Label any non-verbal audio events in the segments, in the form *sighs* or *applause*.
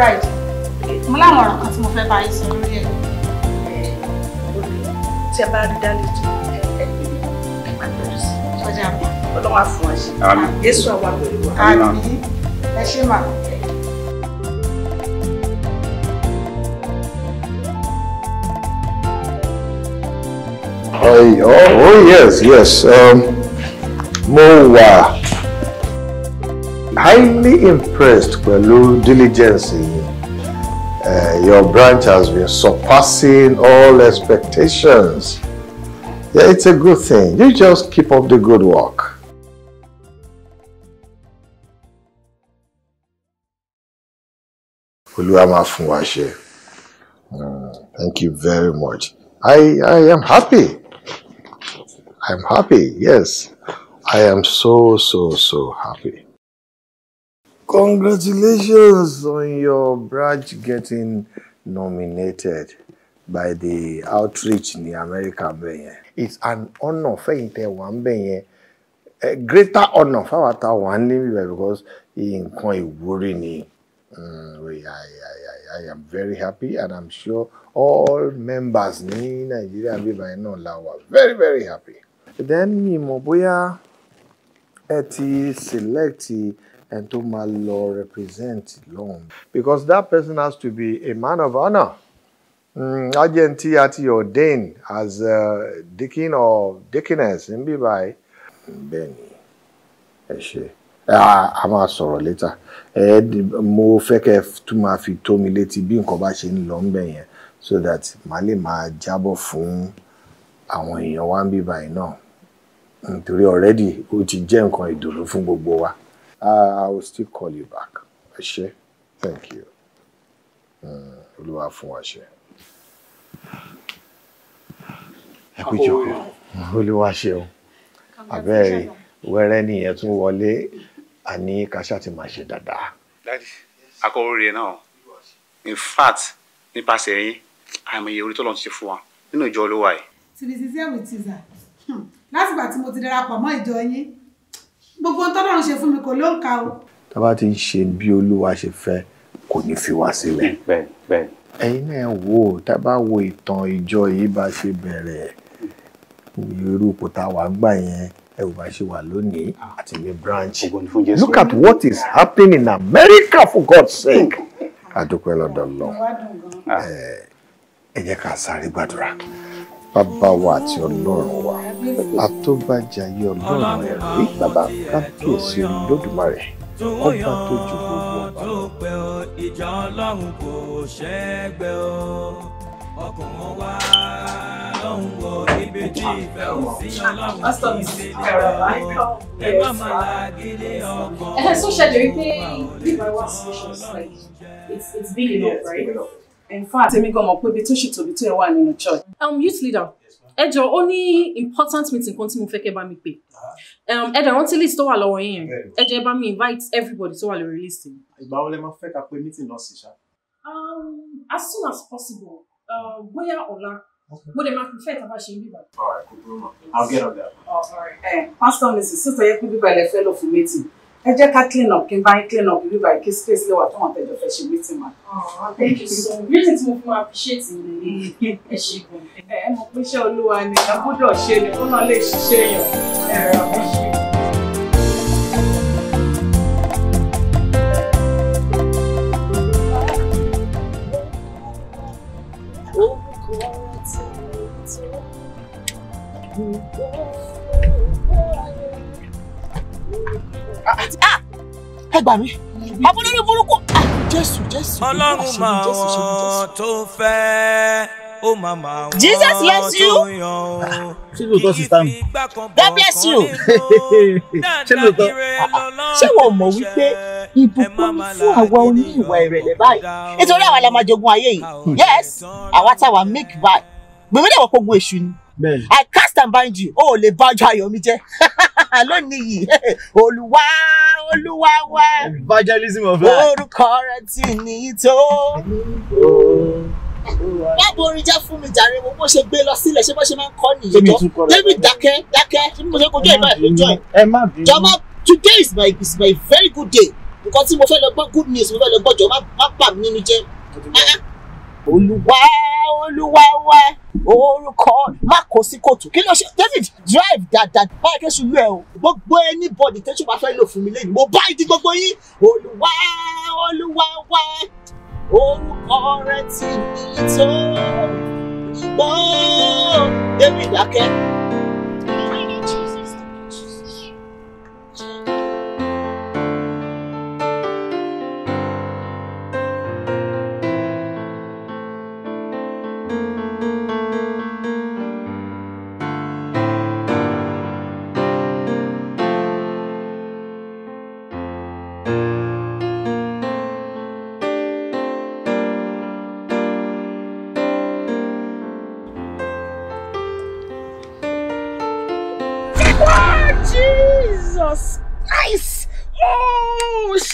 fried mo láwọn ọ̀rọ̀ kan tí mo fẹ́ bá yín lórí ẹ̀. tí ẹ bá rí dálejò ẹ ọlọ́wà fún ọ ṣe. Jésù àwa pẹ̀lú wa. ẹ ṣe máa. Oh, oh yes, yes. Um, mo Uh, highly impressed your diligence Uh, your branch has been surpassing all expectations. Yeah, it's a good thing. You just keep up the good work. Mm, thank you very much. I, I am happy. I'm happy, yes. I am so, so, so happy. Congratulations on your branch getting nominated by the outreach in the America bẹ̀yẹn. It's an honor for wà ń A greater honor for ta wà ń because nǹkan ìwúrí ni. Mm, I, am very happy and I'm sure all members in Nigeria bíbáyé náà la very very happy. Then mi mọ̀ bóyá ẹ ti select. Uh, And to my lọ represent long, because that person has to be a man of honour um, mm, agent tí a ti ordain as uh, deacon or deaconess ń bí Benny, bẹ́ẹ̀ ni ẹ ṣe a máa sọ̀rọ̀ létà mo fẹ́ kẹ́ tún máa fi tó mi létí bí nǹkan bá ṣe ń lọ ńbẹ̀ yẹn so that ma lè ma jábọ̀ fún àwọn èèyàn wa ń bí báyìí náà nítorí already ó ti jẹ́ nǹkan ìdùnnú fún gbogbo wa uh, I will still call you back ẹ thank you uh, olúwa fún wa ṣe. ẹ kú jókòó olúwa ṣeun abẹ́rẹ́ wẹ́rẹ́ nìyẹn tún wọlé àní kàṣà ti máa ṣe dáadáa. akọ̀wé in fact nípasẹ̀ yín àìmọye orí tó lọ́n ti ṣe fún wa nínú ìjọ olówó yìí. to be sincere with you sir hmm, látìgbà tí mo ti darapọ̀ mọ́ ìjọ yín gbogbo ohun tọ́lọ́run ṣe fún mi kò ló ń ka o. tá ti ń ṣe bí olúwa ṣe fẹ́ kò ní fi wá sílẹ̀. *laughs* ẹ̀yin náà wò ó tá wo ìtàn ìjọ yìí bá ṣe bẹ̀rẹ̀ irú kò tá a wà gbà yẹn ẹ bá ṣe wà lónìí ah. àti ní branch look at what is happening in America for God's sake adúpẹ́ lọ́dọ̀ lọ ah. ẹ jẹ́ ká sáré gbàdúrà. Mm -hmm bàbá wa àti ọlọ́run wa àtọ́bàjáyé ọlọ́run ẹ̀rí bàbá kábíyèsí olódùmarè ọba tó ju gbogbo ọba lọ. ìjà lè lọ ẹ má máa lágídé ọkàn. ẹ eh, sọ it's it's big enough right in fact èmi gan mọ̀ pé ibi tó ṣì tóbi tó yẹ wà nínú church. um youth leader ẹ jọ ó ní important meeting kan tí mo fẹ́ kẹ́ bá mi pè ah. um, ẹ dẹ̀ rántí list tó wà lọ́wọ́ yín yẹn mi invite everybody tó wà lórí list yìí. ìgbà wo lẹ máa fẹ́ meeting náà sì ṣá. Um, as soon as possible uh, bóyá ọ̀la mo dẹ̀ máa fi fẹ́ẹ̀ tábà ṣe bíbá. all right i'll get on that. Eh, pastor mrs sọ́tọ̀ yẹ kó bíbá ilẹ̀ fẹ́ lọ fún meeting ẹ jẹ́ ká clean up kí n bá yín clean up bíbá kí space lè wà fún àwọn tẹ̀jọ́ fẹ́ meeting ma. Oh, thank you so much reason tí mo fún wa appreciate ni ẹ ṣe gan. ẹ mọ̀ pé iṣẹ́ olúwa ni a gbọ́dọ̀ ṣe ni kó náà lè ṣiṣẹ́ èèyàn. Ah, ẹ gbà mí ọmọ lórí burúkú ah, jésù jésù ọlọ́run máa wọ́n tó fẹ́ ó máa máa wọ́n tó yan Jesus bless you. Ah, ṣé lóòótọ́ sí sáàmù. God bless you. *laughs* ṣé lóòótọ́ ṣé wọ́n mọ̀ wípé ìbùkún ni fún àwa oní ìwà ìrẹ̀lẹ̀ báyìí nítorí àwa la máa jogún ayé yìí yes àwa táwa make bad gbèmídàwọ̀ kó gun èṣù ni I cast and bind you o ò lè bá ọjọ́ ayọ̀ mi jẹ́. *laughs* lónìí yìí *laughs* olúwa olúwa wa evangelism of life orúkọ rẹ ti nìyí tó. báwo orin jẹ́ fún mi jàre mo bó ṣe gbé lọ sílẹ̀ ṣé bó ṣe máa ń kọ́ nìyí tó david dákẹ́ dákẹ́ ṣé mo ṣe kojú ẹ̀ náà kojú ẹ̀ jọba today is my is my very good day nǹkan tí mo fẹ́ lọ gbọ́ good news mo fẹ́ lọ gbọ́ jọ má bà mí nínú jẹ́ olúwa olúwa wa orúkọ má kó sí kòtò kí ló ṣe david drive dáadáa báyìí kí n ṣubú ẹ o gbogbo anybody tẹ́tù bá fẹ́ lò fún mi lẹ́yìn mo bá ìdí gbogbo yín olúwa olúwa wa orúkọ rẹ ti ní tó gbọ́ david akẹ́.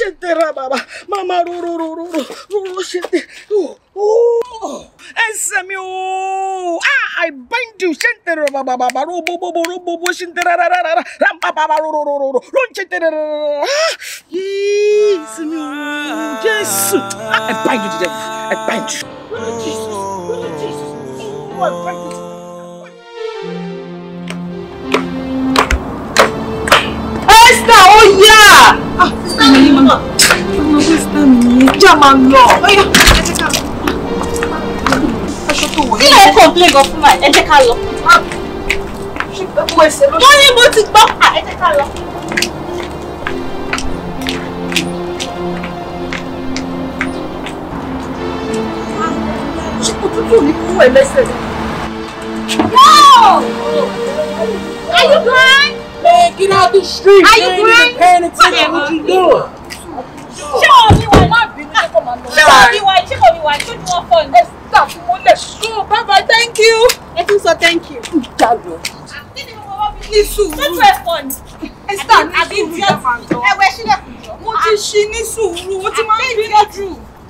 shete rababa mama roro roro roro shete oh ẹsẹ̀ mi ah I bind you shete rababa baba ro bo bo bo ro bo bo shete rara ram baba ba ro ro ro ro ro ro shete rara ah yes I bind you the devil I bind you. Oh, Jesus, Jesus, oh, I bind you. Esther ó yá. ọmọ ah, Esther mi já máa ń lọ. kí ló ń complain gan fún wa ẹ jẹ́ ká lọ. Ah, wọ́n ní mo ti gbọ́ ah, ẹ jẹ́ ká lọ. tútù ní kúrò ẹlẹ́sẹ̀. Wow! Are you blind? Man, get out the street. Are you ain't paying attention to what you doing. Show me why on, Show me why. on, me why. You want fun? Let's stop. Let's go. Bye bye. Thank you. I think so. Thank you. Jalo. Ní sùúrù. Ṣé ẹ fọ ni? Esther ní sùúrù yẹn máa ń lọ. Ẹ wẹ sílẹ̀ kù jọ. Mo ti ṣí ní sùúrù, mo ti máa ń bínú jù.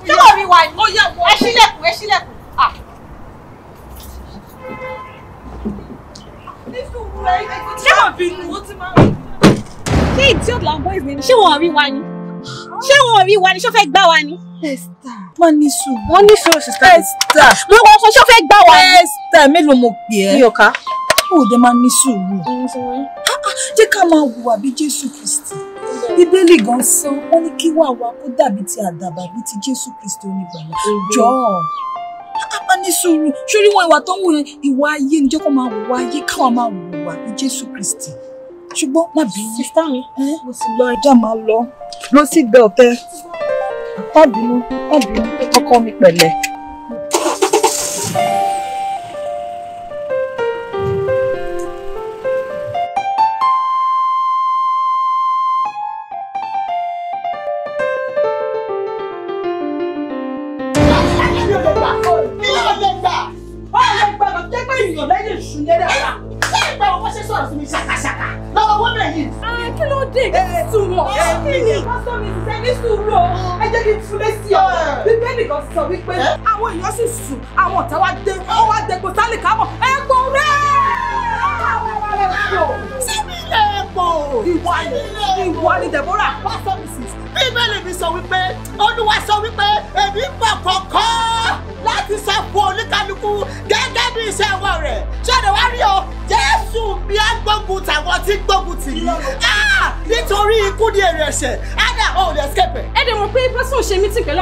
Ṣé wọ́n mi wà ní? Ẹ sílẹ̀kùn, ẹ sílẹ̀kùn. ṣé idiot làwọn boys ni ṣé wọn rí wa ni ṣé wọn rí wa ni ṣó fẹ́ gbá wa ni. Esther wọ́n ní sùúrù wọ́n ní sùúrù sister Esther mo wọ́n sọ ṣó fẹ́ gbá wa ni. Esther mélòó mo pè é. mi ò ká. ó dé máa ní sùúrù. jẹ́ ká máa hùwà bí Jésù Kristi bíbélì gan sọ wọ́n ní kí wàá wa kó dàbí ti àdàbà bí ti Jésù Kristi onígbàlà jọ̀ọ́ a ní sùúrù sórí wọn ìwà tó ń wù yẹn ìwà ayé ni jẹ́ kó máa wù wá ayé káwọn máa wù wá ní Jésù Kristi ṣùgbọ́n má bínú. sísá mi mo sì lọ ẹja máa lọ lọ sí bẹ́ẹ̀ ọ̀tẹ́ má bínú má bínú ọkọ mi pẹ̀lẹ́.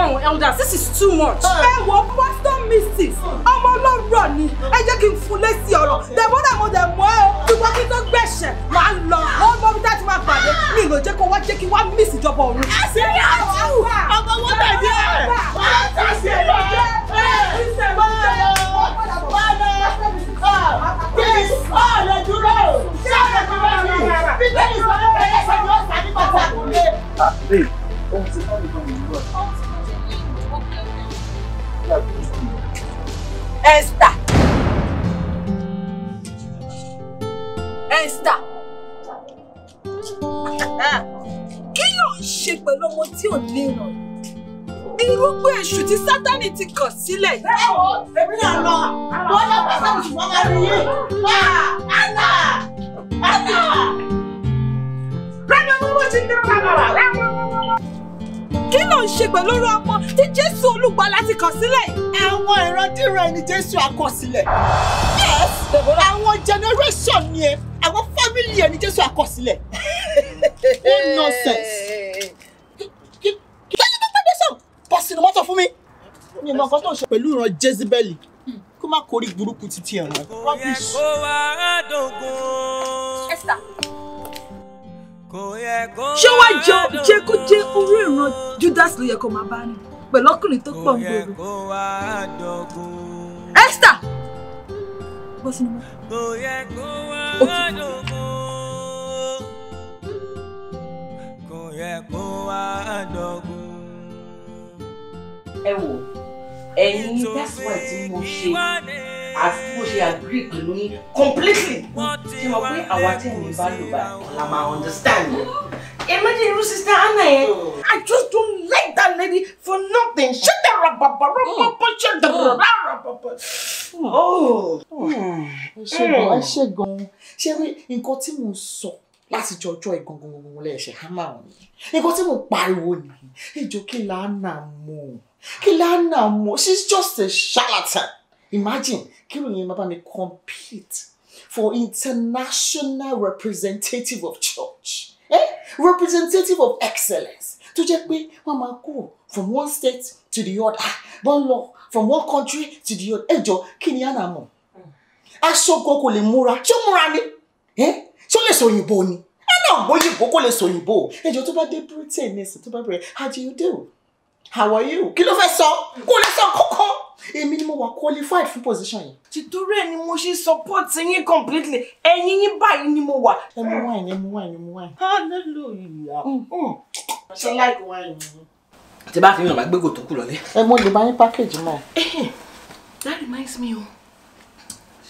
down elder this is too much. ẹ wo pastor mrs ọmọ ọlọ́rọ̀ ni ẹ jẹ́ kí n fún lésì ọ̀rọ̀ dẹ̀mọ́ dẹ̀mọ́ dẹ̀mọ́ ẹ ṣùgbọ́n kí n tó gbẹ̀ṣẹ̀ máa ń lọ ọmọ mi dájú máa pàdé mi ìlò jẹ́ kó wá jẹ́ kí wá miss ìjọba ọ̀run. ẹ ṣe ní àjù ọmọ wọn tàbí ẹ wọn tàbí ẹ ẹ ṣe wọn kí ọ̀rẹ́ dúró ṣé ọ̀rẹ́ dúró ni bí tẹ́lifíṣàn ni ó Esther. Esther. Kí ló ń ṣe pẹ̀lú ọmọ tí ò ní ìràn? Irúgbó èṣù tí Sátánì ti kàn sílẹ̀. Bẹ́ẹ̀ o, èmi náà lọ, wọ́n yọ pàṣẹ òṣùwọ́n máa rí yìí. Àlà! Àlà! Rẹ́mi owó ti dé kàkàrà, rẹ́mi owó kí ló ń ṣe pẹ̀lú orú ọmọ tí jésù olùgbàlà ti kọ̀ sílẹ̀. àwọn ìrandíran ni jésù àkọsílẹ̀. àwọn generation ni ẹ àwọn family ẹ jésù àkọsílẹ̀. no *laughs* nonsense. kí ló ń gbàgbé sọ bọ́ sínú mọ́tò fún mi. mi ò mọ nǹkan tó ń ṣe pẹ̀lú ìran jezebeli kó má korí burúkú títí ẹ̀wọ̀n. ó yẹ kó wá dògùn. esther ṣé wàá jẹ jẹ kó jẹ orú ìran Judas ló yẹ kó máa bá ní pẹ̀lú ọkùnrin tó pọ̀ ń gbòòrò. Esther bọ́ sínú mọ́. ẹ wò ẹ̀yin that's why tí mo ṣe àti bó ṣe agree pẹ̀lú yín completely ṣe mọ̀ pé àwa tí èmi bá lò báyìí la máa understand yẹn. Imagine your sister Anna. Eh? I just don't like that lady for nothing. Shut the rababa, rababa, shut the rababa. Oh. Ṣẹ́gun, *sighs* ẹ ṣe gan-an. Ṣé rí nǹkan tí mo sọ láti jọjọ́ ẹ̀ gangan gangan lẹ́ẹ̀ṣẹ̀ hámà òní? Nǹkan tí mo pariwo nìyí. Ìjọ kí lánàá mọ̀? Kí lánàá mọ̀? She's just a charlatan imagine kí ròyìn máa compete for international representative of church eh? representative of excellence To check me, Mama go from one state to the other wọ́n lọ from one country to the other ẹ̀jọ̀ kí ni yánà mọ̀ aṣọ gan kò lè múra ṣé ó múra ni eh? ṣé ó lè sọ òyìnbó ni ẹnà ògbóyìnbó go lè sọ òyìnbó ẹ̀jọ̀ tó bá dé Britain nísìn tó bá bẹ̀rẹ̀ how do you do how are you kí ló fẹ́ sọ kó lè sọ èmi ni mo wà qualified fún position yẹn. tìtúrú ẹ ni mo ṣe support yín completely ẹ̀yin yín báyìí ni mo wà. ẹ mú wáìnì ẹ mú wáìnì ẹ mú wáìnì. hallelujah. Mm, mm. ṣe láìpẹ́ wáìnì. tí bá fi hàn máa gbégbó tó kù lọlé. ẹ mo lè bá yín package mọ. that reminds me o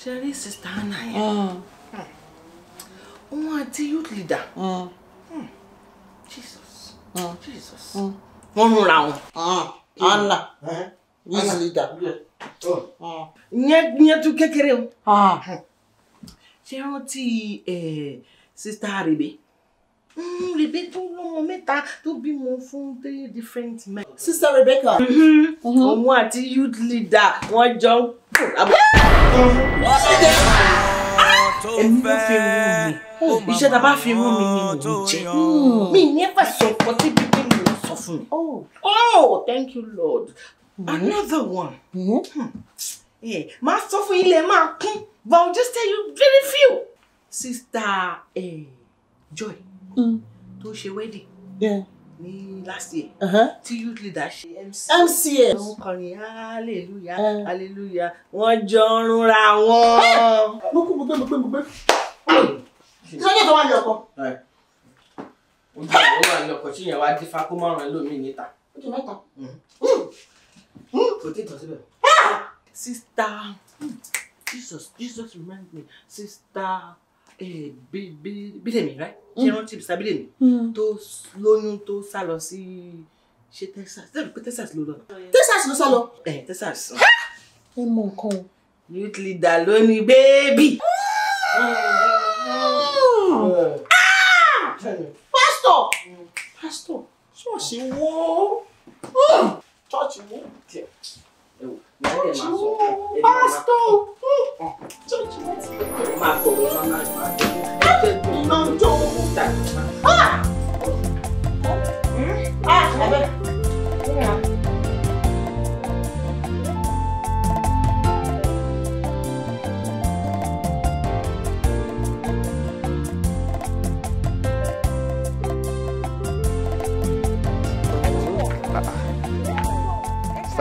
ṣe rí sista anna yẹn mm. hmm. òun àti youth leader. Mm. Mm. Jesus. Mm. Jesus. Mm. wọ́n ń ra wọn. Ah, anna. Uh -huh. Eh? Wizlida. Ìyẹn oh. mm. eh, mm, tún kékeré o. Ṣé rántí sísá Rèbé? Rèbé tó lọ́mọ mẹ́ta tó bímọ fún three different men. Sísá Rebecca. Mm-hmm. Mm-hmm. Òun àti youth leader wọ́n jọ ń kù lábọ́. Èmi ló fi rú mi. Oh, iṣẹ́ ta bá fi rú mi ni mò ń jẹ. Mm. Mi ní ẹ̀fà sọ̀kọ́ tí bíbélì sọ fún mi. Oh, oh thank you Lord another one. No. Hmm. Hey, Máa sọ fún ilẹ̀ máa kún but I'll just tell you very few. Sister eh, Joy mm. To she wedding yeah. ní last year uh -huh. tí youth leader ṣe MC. MCS. Wọ́n kọrin hallelujah uh. hallelujah wọ́n jọ ń ra wọn. Eh! Mo kú mo gbé mo gbé mo gbé. Ṣé ọjọ́ tó wà ní ọkọ? Ojú àwọn wà ní ọkọ̀ tí ìyẹn wá dífá kó márùn-ún lómi níta. Ó jẹ Sister, hmm? tí ì tọ́ síbẹ̀. Ah! sista hmm. jesus jesus remind me sista eh, bídèmí rẹ hmm. ṣe rántí sista bídèmí To lóyún tó sá lọ sí ṣe texas ṣe pé texas ló lọ. Oh, texas ló sá lọ. ẹ eh, eh, texas. ẹ mọ nǹkan o. youth leader ló oh! ah! pastor, pastor, pásítọ̀ pásítọ̀ ṣọ́ọ̀ṣì wọ́ọ́ ṣọ́ọ̀ṣì mú tiẹ̀. ṣọ́ọ̀ṣì mú pásítọ̀ ṣọ́ọ̀ṣì mú tiẹ̀. máa fọwọ́ máa máa máa ṣe tó iná ń jó owó tàbí.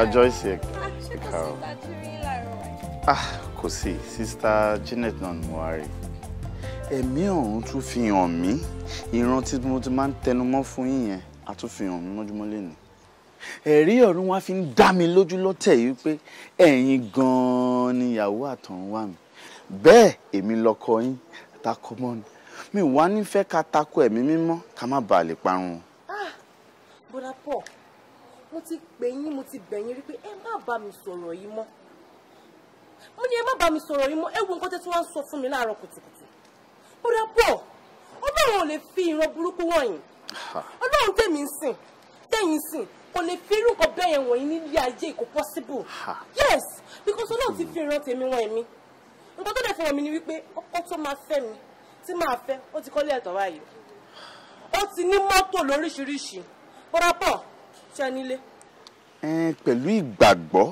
ọjọ́ ìsìn ẹ̀ka o. ah kò sí sista Janet náà ni mo wá rí ẹ̀mí ọ̀hún tún fi hàn mí ìran tí mo ti máa ń tẹnumọ́ fún yín yẹn a tún fi hàn mí mọ́júmọ́ lẹ́nu ẹ̀rí ọ̀run wa fi ń dá mi lójú lọ́tẹ̀ yìí pé ẹ̀yin gan-an ni ìyàwó àtọ̀run wà mí bẹ́ẹ̀ èmi lọ́kọ yín takọ mọ́ ni mi wá nífẹ̀ẹ́ ká takọ ẹ̀mí mímọ́ ká má bàa lè parun. ah bọ́dà pọ̀ mo ti pè yín mo ti bẹ̀ yín rí pé ẹ má bá mi sọ̀rọ̀ yìí mọ́ mo ní ẹ má bá mi sọ̀rọ̀ yìí mọ́ ẹ wo nǹkan tẹ́ tí wọ́n ń sọ fún mi láàárọ̀ kùtùkùtù ó rẹ pọ̀ ọlọ́run ò lè fi ìran burúkú wọ̀nyí ọlọ́run tèmi ń sìn tẹ̀yìn sìn kò lè fi irú nǹkan bẹ́ẹ̀ yẹn wọ̀nyí nílé ayé kò possible yes because ọlọ́run ti hmm. fi ìran tèmi wọ̀nyí mi nǹkan tó dẹ̀ fọwọ́ mi ni wípé ọkọ tó máa fẹ́ mi tí máa fẹ́ ó ti kọ́lé ẹ̀tọ́ báyìí ó ti ní mọ́tò lóríṣiríṣi bọ́dọ̀ pọ̀ ṣe nílé. pẹ̀lú ìgbàgbọ́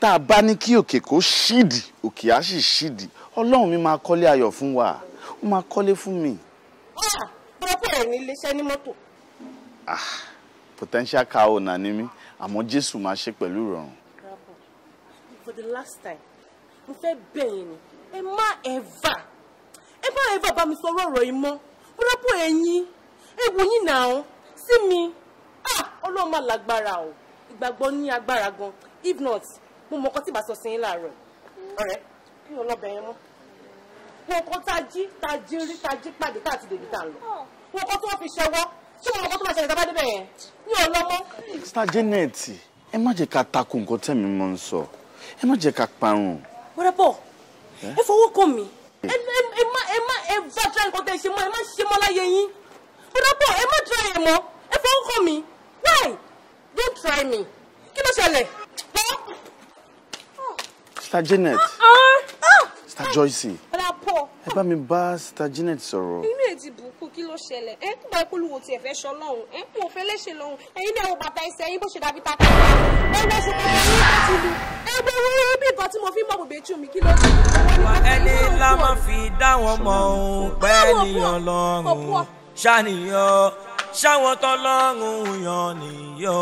tá a bá ní kí òkè kó ṣídì òkè á sì ṣídì ọlọ́run mi máa kọ́lé ayọ̀ fún wa ó máa kọ́lé fún mi. pọ́pọ́ ah, ẹ̀ nílé ṣẹ́ ní mọ́tò. Ah, potential cow ọ̀nà ni mí àmọ́ jésù máa ṣe pẹ̀lú ìrọ̀rùn. for the last time mo fẹ́ bẹ̀yìn ni ẹ má ẹ̀fà ẹ má ẹ̀fà bá mi sọ ọ̀rọ̀ yìí mọ́ pọ́pọ́ ẹ̀yìn ẹ wò yín náà sí mi. Ah, ọlọ́run máa lágbára o ìgbàgbọ́ ní agbára gan if not mo mọ ọkọ tí ìbá sọ sí yín láàárọ̀ ọ̀rẹ́ kí ọlọ́bẹ̀ yẹn mọ́ wọn kọ́ tá a jí tá a jí rí tá a jí pàdé káàtì dèbí tá a lọ wọn oh. kọ́ tí wọ́n fi ṣẹwọ́ tí wọn mọ ọkọ tó máa ṣẹlẹ̀ tábàdé bẹ̀ yẹn ní ọlọ́mọ. star janet ẹ má jẹ́ ká takò nǹkan tẹ̀mí mọ́ ń sọ ẹ má jẹ́ ká parun. wẹ́rẹ́ bọ̀ ẹ fọwọ́ kàn mí ẹ má ẹ má ẹ bá tíra nǹkan tẹ̀ ṣe mọ́ ẹ má ṣe mọ́ láyé yín wẹ́rẹ́ bọ̀ ẹ má tíra ẹ̀ mọ́ ẹ fọwọ́ kàn mí. Hey! Don't try me. Kí ló ṣẹlẹ̀? Star Janet. Uh-uh. Ah! Star Joyce. Ẹ bá mi bá Star Janet sọ̀rọ̀. Inú ẹ̀ ti bùkún kí ló ṣẹlẹ̀? Ẹ kí bá ìpolówó tiẹ̀ fẹ́ sọ lọ́hùn. Ẹ kún òfin léṣe lọ́hùn. Ẹyin náà wo bàtà ẹsẹ̀ yín bó ṣe dàbí ta kọ́. Ẹ lọ ṣe kọ́kọ́ ní ìtọ́jú mi. Ẹ gbé wúrú bí nǹkan tí mo fi ń mọ̀ bòbè tú mi kí ló ṣe. Ẹni lá máa fi dá wọn mọ̀ òun pẹ́ níyàn lọ́rùn. Ṣàníyàn ṣáwọn tọ́lọ́run yàn nìyó.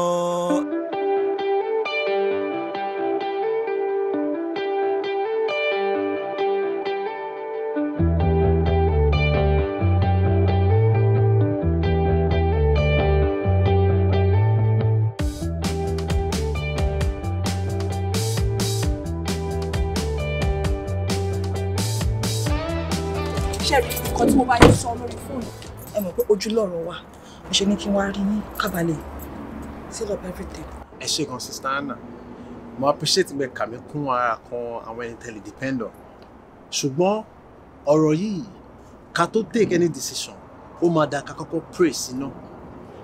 ṣẹ́ẹ̀rì nǹkan tí mo bá yẹ sọ lórí fóònù ẹ mọ̀ pé ojú lọ́rọ̀ wa mo ṣe ní kí n wá rí yín kábàlẹ̀ seal up everything. ẹ ṣe gan sista anna mo appreciate pé kàmí kún ara kan àwọn ẹni tẹ́lẹ̀ depend on ṣùgbọ́n ọ̀rọ̀ yìí ká tó take any decision ó máa dá ká kọ́kọ́ pray síná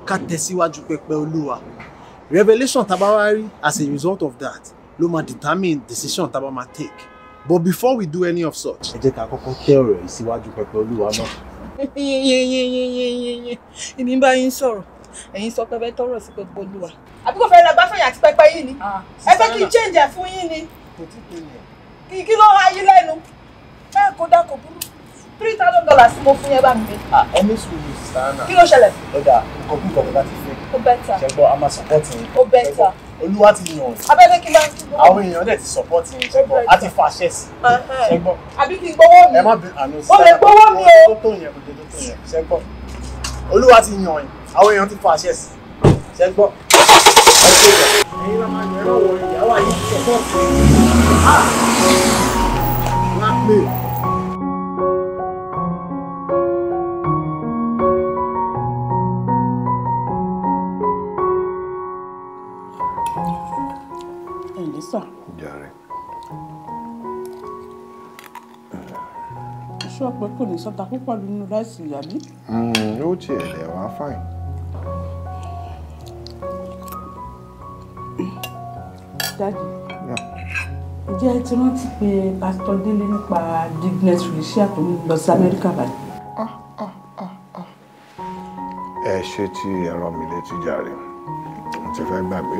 ká tẹ̀síwájú pẹpẹ olúwa revelation tá a bá wá rí as a result of that ló máa determine decision tá a bá máa take but before we do any of such. ẹ jẹ́ ká kọ́kọ́ tẹ ọ̀rọ̀ yìí síwájú pẹpẹ olúwa náà èmi ń bá yín sọ̀rọ̀ ẹ̀yin sọ pé bẹ́ẹ̀ tọrọ sí pé kó lù wá. àbí kò fẹ́ ra Gbáfáyà àti pẹpẹ yìí ni ẹ fẹ́ kí n change ẹ̀ fún yín ni kí ló ha yín lẹ́nu bẹ́ẹ̀ kó dá kò burú three thousand dollars mo fún yẹn bá mi. ẹ ní sùúrù sàánà kí ló ṣẹlẹ̀. ọ̀dà nǹkan kí nǹkan bá ti fẹ́. ó bẹ́tà ṣẹgbọ́n a máa support yín. ó bẹ́tà olúwa ti yàn ọ́ abẹ́lé kí ló ń gbọ́ àwọn èèyàn dẹ̀ ti support yẹn ṣẹgbọ́n a ti fàṣẹ sí ṣẹgbọ́n àbí kí n gbowó mi ẹ má bẹ àná sí ọ̀rẹ́ gbowó mi o tó tó yẹn kò tó tó yẹn ṣẹgbọ́n olúwa ti yàn yín àwọn èèyàn ti fàṣẹ sí ṣẹgbọ́n ẹ ṣe ìgbà. ẹ̀yin máa ń yẹ̀rọ sọ pé kò ní sọ́ta púpọ̀ nínú láìsí ìyá hmm, mi. ó tiẹ̀ lẹ̀ wá fáìn. dájú ǹjẹ́ ẹ ti rántí pé pásítọ̀ délé nípa dignity rìṣíà tó ń lọ sí amẹ́ríkà báyìí. Ah, ah, ah, ẹ ṣe tí ẹ rán mi létí jàre mo ti fẹ́ gbàgbé.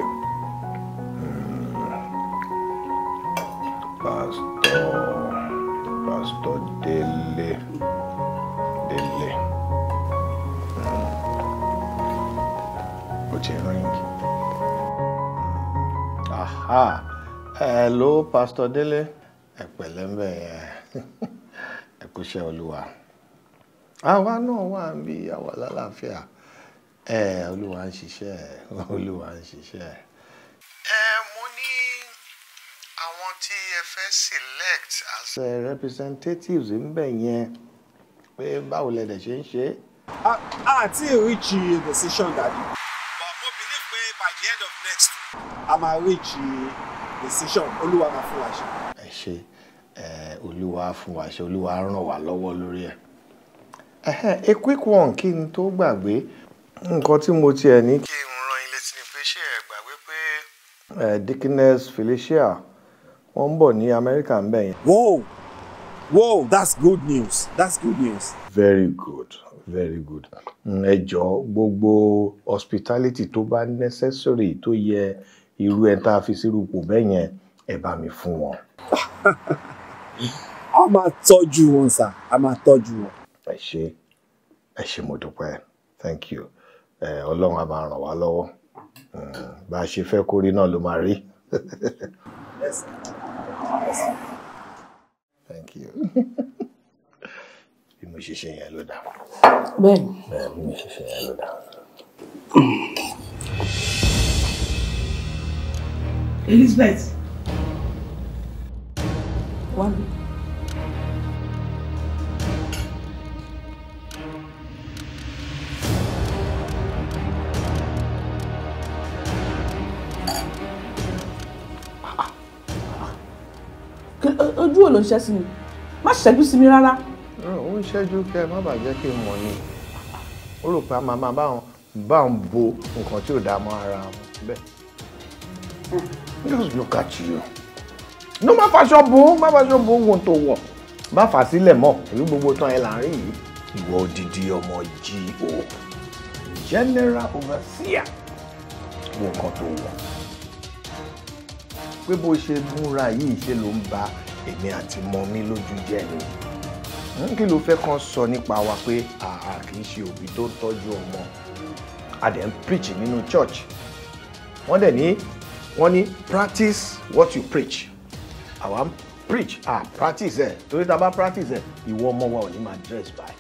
hello pásítọ̀ délé ẹ pẹ̀lẹ́ ń bẹ̀ ẹ kúṣẹ́ olúwa àwa náà wà ń bí àwa lálàáfíà ẹ olúwa ń ṣiṣẹ́ olúwa ń ṣiṣẹ́. ẹ mo ní àwọn tí ẹ fẹ́ select as representatives ń bẹ̀ yẹn pé báwo lẹ dẹ̀ ṣe ń ṣe. àti reach the decision dàbí a máa reach decision olúwa máa fún wa ṣe. ẹ ṣe olúwa fún wa ṣe olúwa ràn wá lọ́wọ́ lórí ẹ̀. a quick one kí n tó gbàgbé nǹkan tí mo tiẹ̀ ní. kí n ran ilé tí ní fẹ́ ṣe ẹ̀ gbàgbé pé. Dickiness Felicia wọ́n ń bọ̀ ní Amẹ́ríkà ń bẹ̀ yẹn. wow wow that's good news that's good news. very good very good ẹ jọ̀ọ́ gbogbo hospitality tó bá necessary tó yẹ. Yeah irú ẹ tá a fi sírúpò bẹ́ẹ̀ yẹn ẹ bá mi fún wọn. *laughs* a máa tọ́jú wọn sà a máa tọ́jú wọn. ẹ ṣe ẹ ṣe mo dúpẹ́ thank you ọlọ́run a máa ràn wá lọ́wọ́ bá a ṣe fẹ́ kórí náà ló máa rí. thank you bí mo ṣe ṣe yẹn ló dá. bẹ́ẹ̀ni bẹ́ẹ̀ni bí mo ṣe ṣe yẹn ló dá. Elizabeth. Wálé. ojú ò ló ń ṣe sí mi má ṣẹ́jú sí mi rárá. ó ń ṣẹ́jú kẹ́ ẹ má bàa jẹ́ kí n mọ̀ ni ó rò pé a máa máa bá wọn bá wọn bo nǹkan tí ò dáa mọ́ ara wọn bẹ́ẹ̀ just look at you No má faṣọ bo má faṣọ bo ohun to wọ̀ má fà sílẹ̀ mọ́ èyí gbogbo tán ẹ là ń rí yìí. ìwọ odidi ọmọ G.O. general overseer wo nǹkan tó wọ̀ pé bó ṣe múra yìí ṣe ló ń ba èmi àti mọ́mí lójú jẹ́ ni kí ló fẹ́ kàn sọ nípa wa pé àà kì í ṣe òbí tó ń tọ́jú a dẹ̀ ń preach nínú church wọ́n dẹ̀ ní wọ́n ní practice what you preach àwa preach ah practice ẹ̀ torí tá bá practice ẹ̀ ìwọ ọmọ wa ò ní máa dress by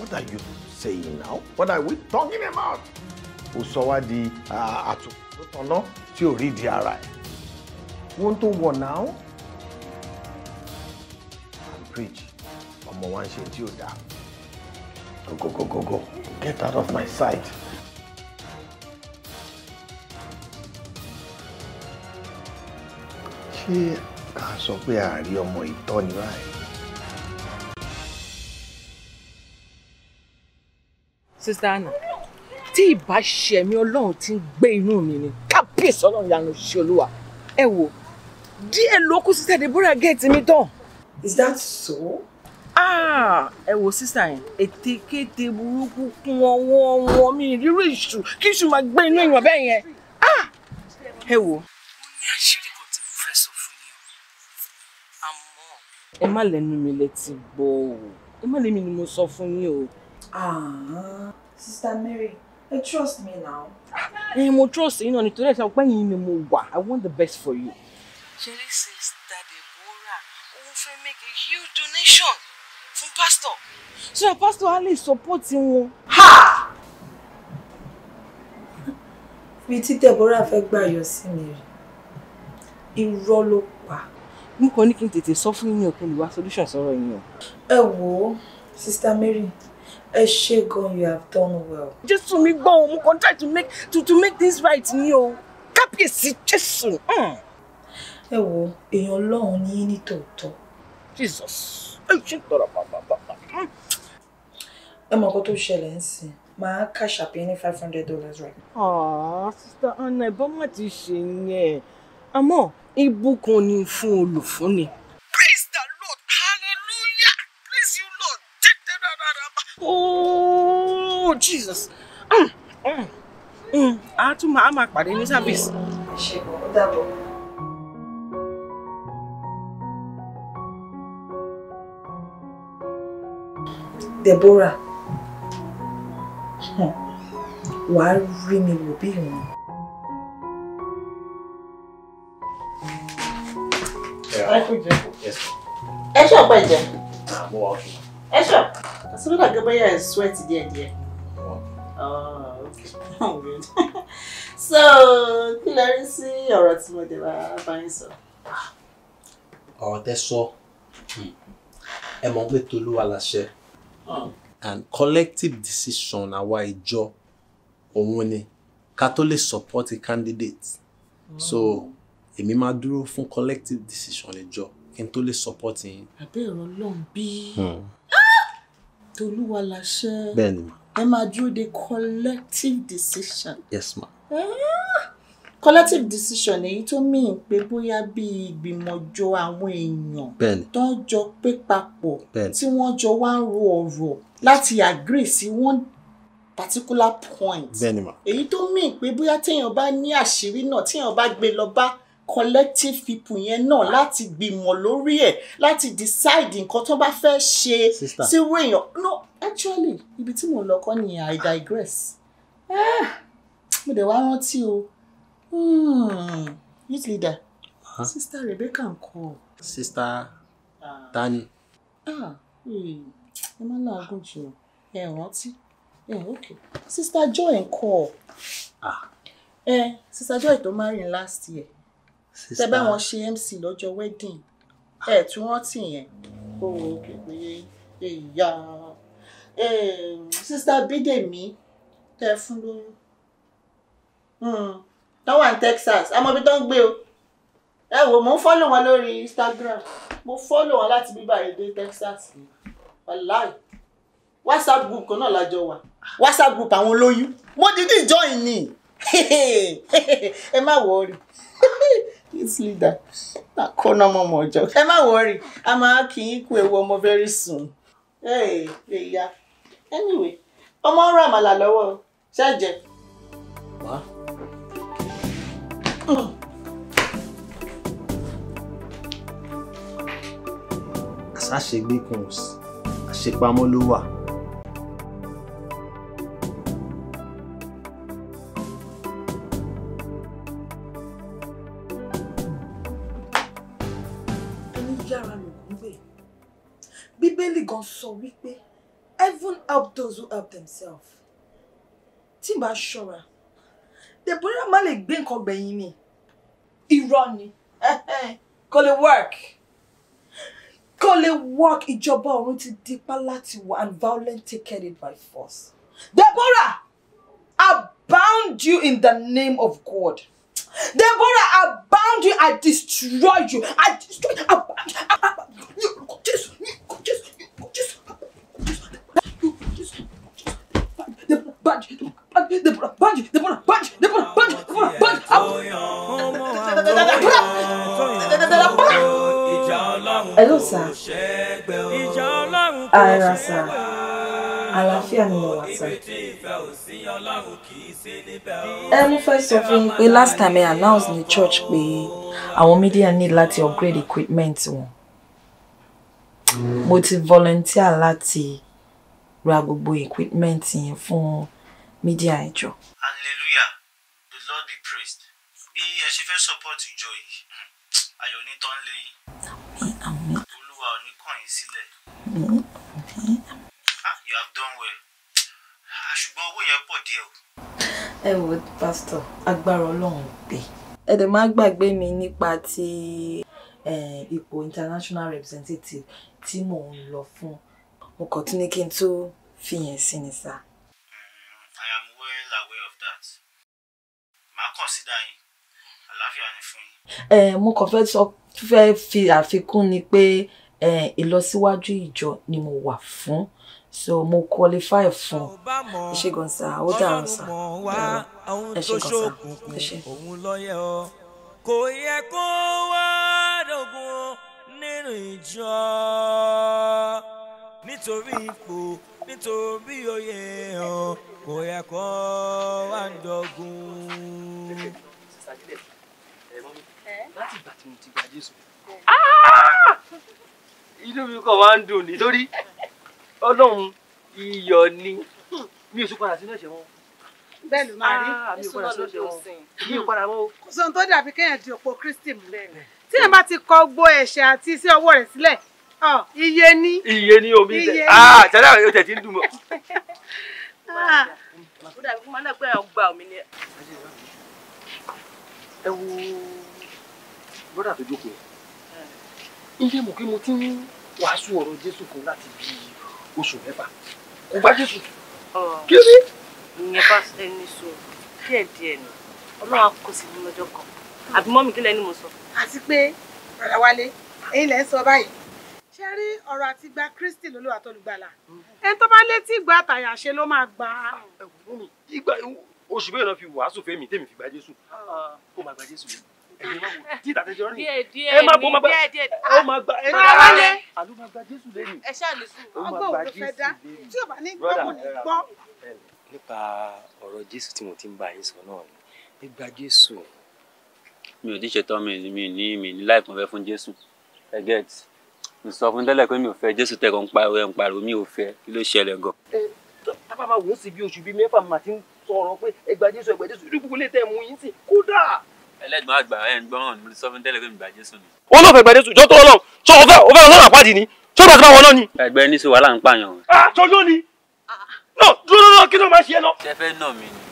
what are you saying now what are we talking about ó sọ wá di àtò tó tanná tí ò rí di ara ẹ̀ wọ́n tó wọ̀ now and preach ọmọ wa ń ṣe tí ò dáa go go go go go get out of my sight. ṣé à ń sọ pé àárí ọmọ ìtọ́ ni báyìí. sista anna tí ìbá ṣe ẹ̀mí ọlọ́run ti ń gbé inú mi ni kábíyèsí ọlọ́run yanu ṣe olúwa ẹ wò díẹ̀ ló kù sísẹ̀ Deborah gẹ̀ẹ́tì mi tán. is that so? ah ẹ wo sísà yẹn ètekéte burúkú kún ọwọ́ wọn mi ìrírí ìṣù kí ìṣù máa gbé inú èèyàn bẹ́ẹ̀ yẹn ah ẹ wo. ó ní àṣírí. ẹ má lẹ́nu mi lẹ ti gbọ́ o ẹ má lẹ́mi ni mo sọ fún yín o. Sister Mary ẹ trust me now. ẹ ah, eh, mo trust yín náà nítorí ẹ̀sán ọgbẹ́ yìí ni mo wà I want the best for you. ṣeré sista Deborah òun fẹ́ make a huge donation fún pastor so your pastor á lè support wọn. bí tí Deborah fẹ́ gbà yọ sí mi rí irọ́ ló n kò ní kí n tètè sọ fún yín o wá solution sọ̀rọ̀ yín o. ẹ wo sister Mary ẹ ṣe gan you have done well. jésù mi gbọ́ òun kan try to make to to make things right ni o kábíyèsí jésù. Hmm. ẹ wo èèyàn ọlọ́run ní yín ní tòótọ́. jesus ẹ ṣe tọrọ pàpàpàpà. Hmm. ẹ mọ̀ nǹkan tó ṣẹlẹ̀ ń sìn máa cash up yín five hundred dollars right. ọ̀ sister anna ìbọn má ti ṣe yẹn àmọ́ ìbùkún ni fún olùfúnni. praise the lord hallelujah praise you lord tètè rárá. oh jesus mm, mm, mm. a tún máa máa pàdé ní service. ṣe kò dábọ̀. Deborah hmm. wàá rí mi wò bí ìwọ̀n. ẹ ṣe ọ̀pá ìjẹ. ẹ ṣe ọ̀pá àṣírí dàgbé bóyá ẹ sweat díẹ̀díẹ̀. so kí lẹ rí sí ọ̀rọ̀ tí mo dé bá bá yín sọ. ọ̀rọ̀ tẹ́ sọ ẹ mọ̀ pé tolúwa láṣẹ and collective decision àwa ìjọ òun ni ká tó lè support a candidate. Mm. so èmi máa dúró fún collective decision ìjọ kí n tó lè support yín. àbẹ́ ẹ̀rọ lọ́n bí hmm. tolúwa láṣẹ ma. ẹ máa dúró de collective decision. yes ma. Ah! collective decision èyí tó mí pé bóyá bí ìgbìmọ̀jọ àwọn èèyàn tó ń jọ pé papọ̀ tí wọ́n jọ wá ń ro ọ̀rọ̀ láti agree sí one particular point èyí tó mí pé bóyá téèyàn bá ní àṣírí náà téèyàn bá gbé lọ bá collective people yẹn náà láti gbìmọ̀ lórí ẹ̀ láti decide nǹkan tó bá fẹ́ ṣe síwú èèyàn no actually ibi tí mò ń lọ kọ́ ni i digress ah mo dẹ̀ wá rántí o hmm youth leader uh-huh. sister Rebecca ńkọ́. sister ah. tani. ah hmm, ẹ má láàgùn jù ẹ rántí ẹ ok sister joy ńkọ́. ah ẹ eh, sister joy tó marry last year tẹ bá wọn ṣe mc lọ́jọ́ wedding ẹ tún rántí yẹn kó o pèpè ìyá sista bídèmí tẹ fún lóyún hmm, tó wà ní Texas amọbi tó ń gbé o ẹ wò mo ń fọ́lò wọn lórí Instagram mo fọ́lò wọn láti bíbá èdè Texas wàláì WhatsApp group kan náà lájọ wà WhatsApp group àwọn olóyún mo dídí join ni *laughs* ẹ má wọrí *laughs* youth leader na kọ́nà mọ́ ọmọ ọjọ́ ẹ má wọrí a máa kì í kú ewu ọmọ very soon ẹ lè ya anyway ọmọ ń rà màlà lọ́wọ́ ṣẹ́jẹ̀. wá. àṣà ṣègbè kan àṣepamọ́ ló wà. kan sọ wípé heaven help those who help themselves tí n bá ṣọ́ra Deborah má lè gbé nǹkan gbẹ̀yìn mi irọ́ ni *laughs* kò lè work kò lè work ìjọba ọ̀run ti dípá láti wà and violent take it by force Deborah I bound you in the name of God Deborah I bound you I destroy you I destroy you I bound you Jesus Jesus. bàjẹ́ dèbúrà bàjẹ́ dèbúrà bàjẹ́ dèbúrà bàjẹ́ dèbúrà ara sir àlàáfíà ni mo wà ẹ mo fẹ́ sọ fún pé last time ẹ announce ní church pé àwọn media need láti upgrade equipment wọn mo ti volunteer láti ra gbogbo equipment yẹn fún media ìjọ. hallelujah the lord be praised bí ẹ ṣe fẹ́ support ìjọ yìí ayọ̀ ní tán lé yín. àmín àmín. olúwa ò ní kàn yín sílẹ̀. Ah, you have done well ah, ṣùgbọ́n owó yẹn pọ̀ díẹ̀ o. ẹ wo pásítọ̀ agbára ọlọ́run pé ẹ dẹ̀ máa gbàgbé mi nípa ti eh, ipò international representative tí mò ń lọ fún mo tún ní kí n tó fìyẹn sí ni sá. I am well aware of that. Màá kàn sí dáyìn. Àlàáfíà ni fún yín. Ẹ mo kàn fẹ́ sọ fẹ́ fi àfikún ni pé ìlọsíwájú ìjọ ni mo wà fún so mo qualify fún ẹ ṣe gan sa ó dàrú sa ẹ ṣe gan sa ẹ ṣe. kò yẹ kó wá dògùn nínú ìjọ nítorí ipò nítorí oyè hàn kò yẹ kó wá ń jọgún. láti ìgbà tí mo ti gba Jésù ah! inú mi kàn máa ń dùn nítorí Ọlọ́run iyọ̀ ni mi ò sún padà sínú ẹ̀ṣẹ̀ wọn bẹ́ẹ̀ ló máa rí ìsúná lójú òsìn. mi ò padà mọ́. kò sóhun tó dàbí kéèyàn di òpó Kristi mú. tí èèyàn bá ti kọ gbó ẹ̀ṣẹ̀ àti iṣẹ́ ọwọ́ rẹ̀ sílẹ̀ iye ní. iye ní omi tẹ ah tẹlẹ o tẹ ti ń dùn mọ. Ah. ó dàbí kó máa ń dàgbé àwọn gba omi ni. ẹ wo bọ́dà tó jókòó yẹn iye mọ̀ kí mo ti ń wàásù ọ̀rọ̀ jésù fún láti bí oṣù mẹ́fà kò bá jésù kí ni. ìyẹn bá ẹni sọ díẹ̀ díẹ̀ ni ọlọ́run á kó sí ní lọ́jọ́ kan àbí mọ́mí kí lẹ́ni mo sọ. àti pé rárá wálé ẹ̀yin lẹ́ ń sọ báyìí ṣe rí ọ̀rọ̀ àti gba Kristi lólúwa tó lùgbàlà hmm. ẹni tó bá létí ìgbà àtàyà ṣe ló máa gbà á. Ah, ìgbà oṣù bẹ́ẹ̀ náà fi wàásù fẹ́mi tèmi fi gba Jésù kó ah. máa gba Jésù ẹ má bọ́ máa gba ó máa gba ẹ máa wá lé àló máa gba Jésù lẹ́nu ẹ ṣáà lè sùn ọgbọ́n òwe fẹ́ dá tí ò bá ní gbọ́ kò ní gbọ́. nípa ọ̀rọ̀ Jésù tí mo ti ń bá yín sọ náà ni gba Jésù. mi ò díṣe tán mi ní mi ní láìpọ́n fún Jésù ẹ mo sọ fún tẹ́lẹ̀ pé mi ò fẹ́ jésù tẹ̀kọ̀ ń pariwo ẹ̀ ń pariwo mi ò fẹ́ kí ló ṣẹlẹ̀ gan. ẹ tábà máa wò ó sì bí oṣù bíi mẹ́fà màá ti ń sọ̀rọ̀ pé ẹgbà jésù ẹgbà jésù irú gbogbo lè tẹ̀ mú yín sí kódà. ẹlẹ́gbọ̀n àgbà ẹ̀ ń gbọ́ràn mo sọ fún tẹ́lẹ̀ pé mi gbà jésù ni. wọn náà fẹ́ gbà jésù jọ́ tó lọ́n tó o fẹ́ o àpáàdì ni tó bàtà wọn náà ni. ẹgbẹ́ ní sọ wàhálà ń pààyàn. àtọ́jọ́ ah, ni. Ah. náà dúró náà kí ló máa ṣe é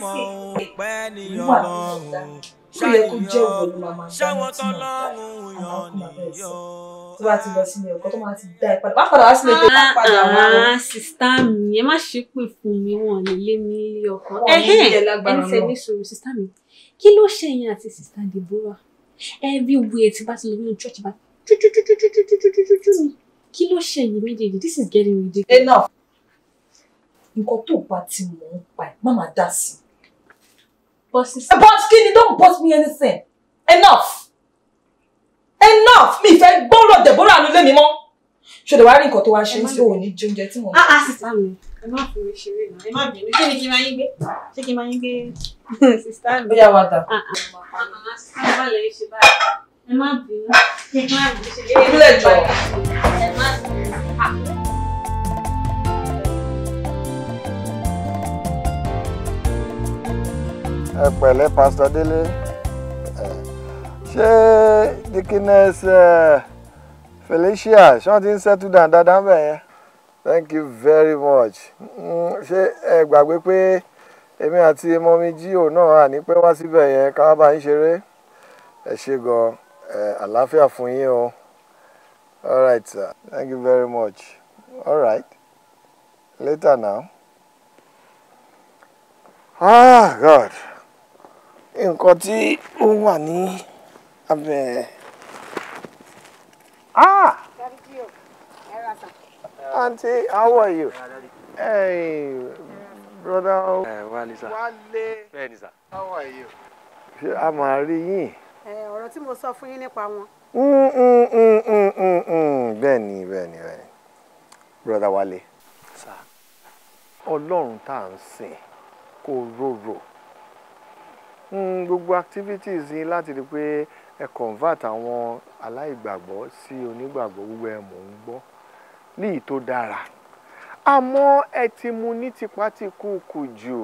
ṣé yẹ kó jẹ́ ìwọ ló máa máa dáná tí màá dá àwọn kó máa bẹ̀rẹ̀ sọ tó bá ti lọ sí mi ọ̀kọ́ tó máa ti dá ẹ padà bá padà wá sílé tó bá ah, padà wá o. Ah, sista mi ẹ má ṣépè fún mi wọn ò lè lé mi ilé ọkọ ẹhẹn ẹni tẹ ní sọ̀rọ̀ sista mi kí ló ṣe yẹn àti sista Deborah every way tí bá ti lọ nínú church bá jújújújújújújújú mi kí ló ṣe yìí méjèèjì this is getting ridiculous. enough nǹkan tó bá ti mọ̀ ń pa ẹ̀ má máa dá sí i. Boss is. Eh, boss Skinny, don't boss me anything. Enough. Enough! Mi fẹ́ gbọ́rọ̀ Deborah nu lé mi mọ́. Ṣòdò wá rí nǹkan tó wá ṣe tí òun ah, ní jóúnjẹ tí wọ́n. Áá sísá mi, ẹ má fi orí ṣeré I'm ẹ má bínú. Kí ni kí n máa yín gbé? Ṣé kí n máa yín gbé sísá *laughs* mi? Bóyá wàá dà. Àmọ́ sísá I'm not. ṣe báyìí. Ẹ má bínú. Ẹ má bínú. Ìpínlẹ̀ jọ. Ẹ má bínú. ẹ pẹ̀lẹ́ pásítọ̀ délé ṣé dikines felicia ṣé wọ́n ti ń settle down dáadáa ń bẹ̀ yẹn thank you very much mm, ṣé ẹ gbàgbé pé èmi àti mọ́mí jíò náà àní pé wá síbẹ̀ yẹn ká bá ń ṣeré ẹ ṣe gan àlàáfíà fún yín o all right sir thank you very much all right later now. Ah, God nǹkan tí ó wà ní abẹ́ ah aunty how are you hey brother eh, Wálé how are you ṣé a máa rí yín. Eh, ọ̀rọ̀ tí mo sọ fún yín nípa wọn. Mm, mm, mm, bẹ́ẹ̀ ni bẹ́ẹ̀ ni bẹ́ẹ̀ ni brother Wálé ọlọ́run tá à ń sìn kó rorò gbogbo activities yín láti rí pé ẹ convert àwọn aláìgbàgbọ́ sí onígbàgbọ́ gbogbo ẹ mò ń gbọ́ ní ìyí tó dára àmọ́ ẹ ti mu ní tipátìkúùkù jù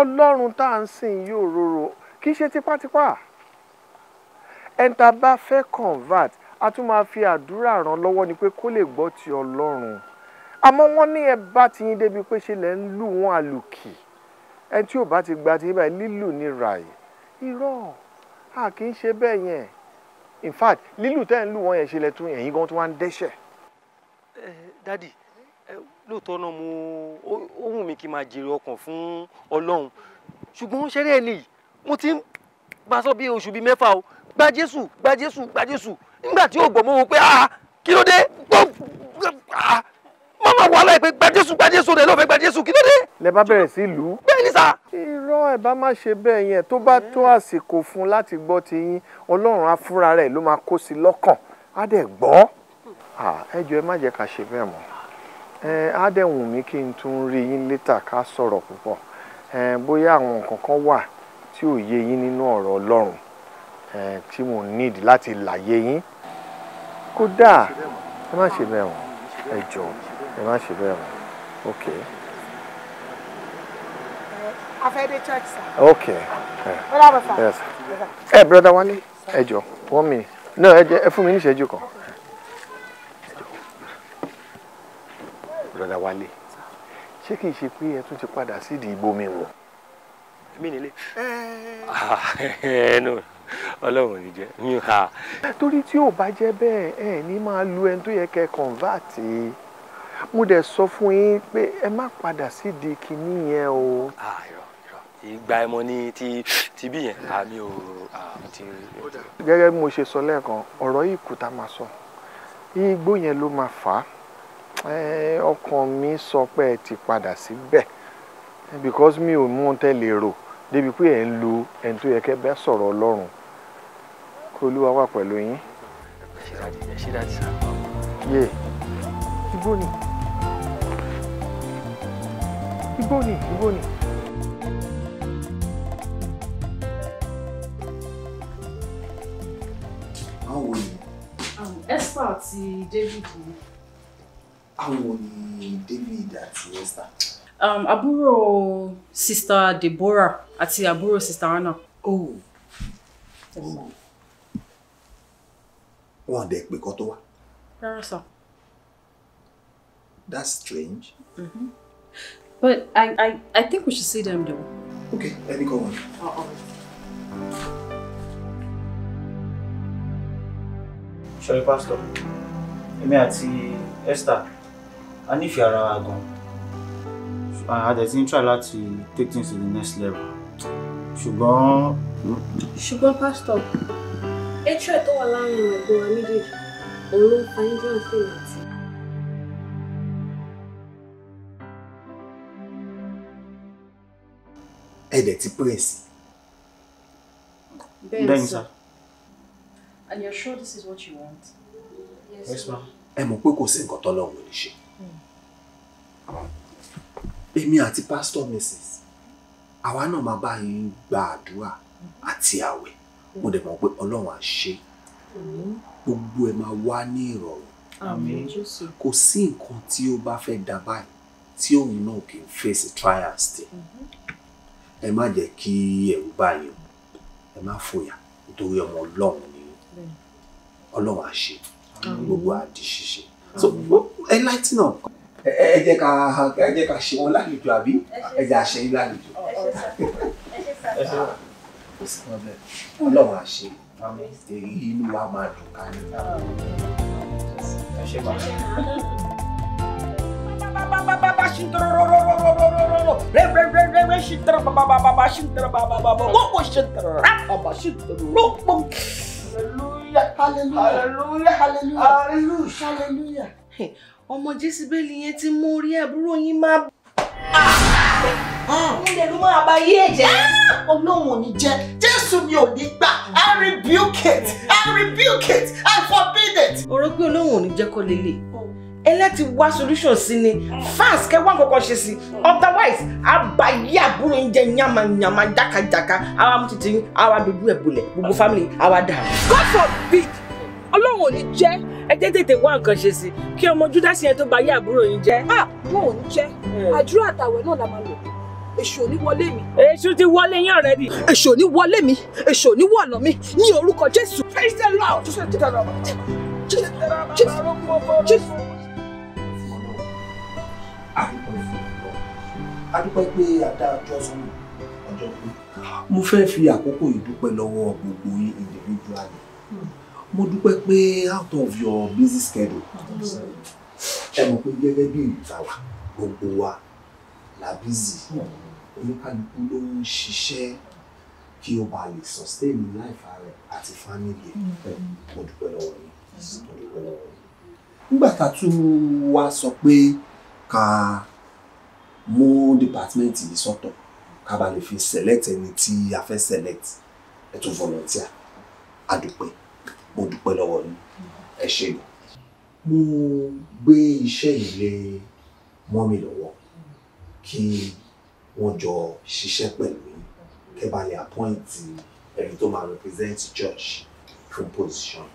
ọlọ́run tá à ń sìn yóò rorò kì í ṣe tipátipá ẹni bá fẹ́ convert a tún máa fi àdúrà ràn lọ́wọ́ ni pé kó lè gbọ́ ti ọlọ́run àmọ́ wọ́n ní ẹ bá ti yín débi pé ṣe lẹ́ ń lù wọ́n àlùkì ẹni tí ò bá ti gba ti yín báyìí lílù ni ràì irọ́ a kì í ṣe bẹ́ẹ̀ yẹn in fact lílù tẹ́ ẹ̀ ń lù wọ́n yẹn ṣe lẹ́tún ẹ̀yin gan tó wá ń dẹ́ṣẹ̀. ẹ dádì lóòótọ́ náà mo ó wù mí kí n máa jèrè ọkàn fún ọlọ́run ṣùgbọ́n ṣẹ́rẹ́ ẹni yìí mo ti ń bá sọ bí oṣù bíi mẹ́fà o gba jésù gba jésù gba jésù nígbà tí yóò gbọ́ mọ́ wo pé ah kí ló dé tó ah wàhálà ìpè gbajésù gbajésù rẹ ló fẹ́ gbajésù kí ló dé. lẹ bá bẹ̀rẹ̀ sí lù ú. bẹ́ẹ̀ ni sà. irọ́ ẹ̀ bá má ṣe bẹ́ẹ̀ yẹn tó bá tó àsìkò fún láti gbọ́ ti yín ọlọ́run á fúnra rẹ̀ ló máa kó sí lọ́kàn á dẹ̀ gbọ́. ẹ jọ ẹ má jẹ́ ká ṣe bẹ́ẹ̀ mọ́ á dẹ̀ wù mí kí n tún rí yín létà ká sọ̀rọ̀ púpọ̀ bóyá àwọn nǹkan kan wà tí ò yé yín nínú ọ̀rọ̀ ọlọ́run tí mo need láti làyé yín kódà ẹ má ṣe bẹ́ẹ̀ mọ́ ẹ jọ̀ọ́ ẹ má ṣe ok. a fẹ́ dé church ok. ó dàbọ̀ sir. ẹ brother Wálé ẹ jọ one minute náà ẹ jẹ ẹ fún mi ní ìṣẹ́jú kan. broda Wálé ṣé kìí ṣe pé ẹ tún ti padà sídìí igbómi wọ̀. mi nílé. ẹ *laughs* no ọlọ́run ò ní jẹ́ mi ha. torí tí ò bá jẹ́ bẹ́ẹ̀ ẹ ní máa lu ẹni tó yẹ kẹ́ convert mo dẹ̀ sọ fún yín pé ẹ má padà sídìí kinní yẹn o. ìgbà ẹmọ ni ti ti bí yẹn àmì ò ti. gẹ́gẹ́ bí mo ṣe sọ lẹ́ẹ̀kan ọ̀rọ̀ yìí kù tá a máa sọ igbó yẹn ló máa fà á ọkàn mi sọ pé ẹ ti padà síbẹ̀ because mi ò mú tẹ́lẹ̀ rò débi pé ẹ̀ ń lu ẹni tó yẹ kẹ́ bẹ́ẹ̀ sọ̀rọ̀ ọlọ́run kí olúwa wà pẹ̀lú yín. ṣé dájú ṣé dájú yé igbó ni. Yeah igbó ni igbó ni. báwo ni. Um, Esther àti David ni. báwo ni David àti Esther. Um, àbúrò sista Deborah àti àbúrò sista Anna. Oh. Yes, oh wọn dẹ̀ pé kọ́ tó wá. rárá sọ. that's strange. Mm-hmm. But I, I, I think we should see them though. Okay, let me go on. Oh, uh-uh. right. Sorry, Pastor. I Èmi àti Esther, a nífẹ̀ẹ́ ara wa gan. A dẹ̀ ti try láti take things to the next level. Ṣùgbọ́n. Ṣùgbọ́n Pastor, hatred to wà láàrin ẹ̀gbọ́n wa méjèèjì, òun ló ń fa injury sí ìlànà. ẹ̀dẹ̀ ti pírẹ̀sì. bẹ́ẹ̀ni sir. and you're sure this is what you want. yes, yes ma. ẹ mọ̀ pé kò sí nǹkan tó lọ́wọ́ ní ṣe. èmi àti pastor mrs àwa náà máa bá yín gba àdúrà àti àwẹ̀ mo dẹ̀ mọ̀ pé ọlọ́run á ṣe gbogbo ẹ̀ máa wá ní ìrọ̀rùn àmín kò sí nǹkan tí ó bá fẹ́ dà báyìí tí òun náà kì í face trials tẹ̀. Mm-hmm ẹ má jẹ́ kí ẹ̀rù bá yín ẹ má fòyà nítorí ọmọ ọlọ́run ni ọlọ́run á ṣe gbogbo àdì ṣíṣe so ẹ láìtì náà ẹ jẹ́ ká ẹ jẹ́ ká ṣe wọn lálejò àbí ẹ jẹ́ àṣẹ yín lálejò ọlọ́run á ṣe èyí inú wa máa dùn ká ẹ ṣe máa. Hallelujah, hallelujah, hallelujah, hallelujah. Ọmọ Jésìbélì yẹn ti mú orí àbúrò yín máa. Nílẹ̀ ló máa bá yé ẹ̀jẹ̀. Ọlọ́run ò ní jẹ́. Jésù mi ò ní gbà. I rebuke it. I rebuke it. I forbid it. Ọ̀rọ̀ pé Ọlọ́run ò ní jẹ́ kó lélẹ̀ ẹ láti wá solution sí ni fast kẹ wá nǹkankan ṣe sí otherwise abayé àbúrò ń jẹ yamayama jákàjáká àwa mú títí àwa dojú ẹ bolẹ̀ gbogbo family àwa dà. God forbid ọlọ́run ò ní jẹ́ ẹ jẹ́ tètè wá nǹkan ṣe sí kí ọmọ júdásì yẹn tó ba ayé àbúrò yín jẹ́. a ah, wọn ò ní jẹ eh. àdúrà àtàwẹ̀ náà la máa lò èṣù ní wọlé mi. èṣù ti wọlé yín already. èṣù ní wọlé mi èṣù ní wọ̀nà mi ní orúkọ jésù. praise the lord. jesus jesus jesus jesus. adúpẹ́ pé àdá ọjọ́ sọnù ọjọ́ kú. mo fẹ́ fi àkókò ìdúpẹ́ lọ́wọ́ gbogbo yín individually mo dúpẹ́ pé out of your busy schedule ẹ mọ̀ pé gẹ́gẹ́ bí ìgbà wa gbogbo wa la busy oníkálukú ló ń ṣiṣẹ́ kí o bá lè sustain life rẹ àti family ẹ mo dúpẹ́ lọ́wọ́ yín mo dúpẹ́ lọ́wọ́ yín. nígbà tá a tún wá sọ pé ká mú department yìí sọ́tọ̀ ká bá lè fi select ẹni tí a fẹ́ select ẹ tún volunteer a dúpẹ́ mo dúpẹ́ lọ́wọ́ yín ẹ ṣe lọ. mo gbé iṣẹ́ yìí lé mọ́ mi lọ́wọ́ kí wọ́n jọ ṣiṣẹ́ pẹ̀lú yín kẹ́ bá lè appoint ẹni tó máa represent church from position.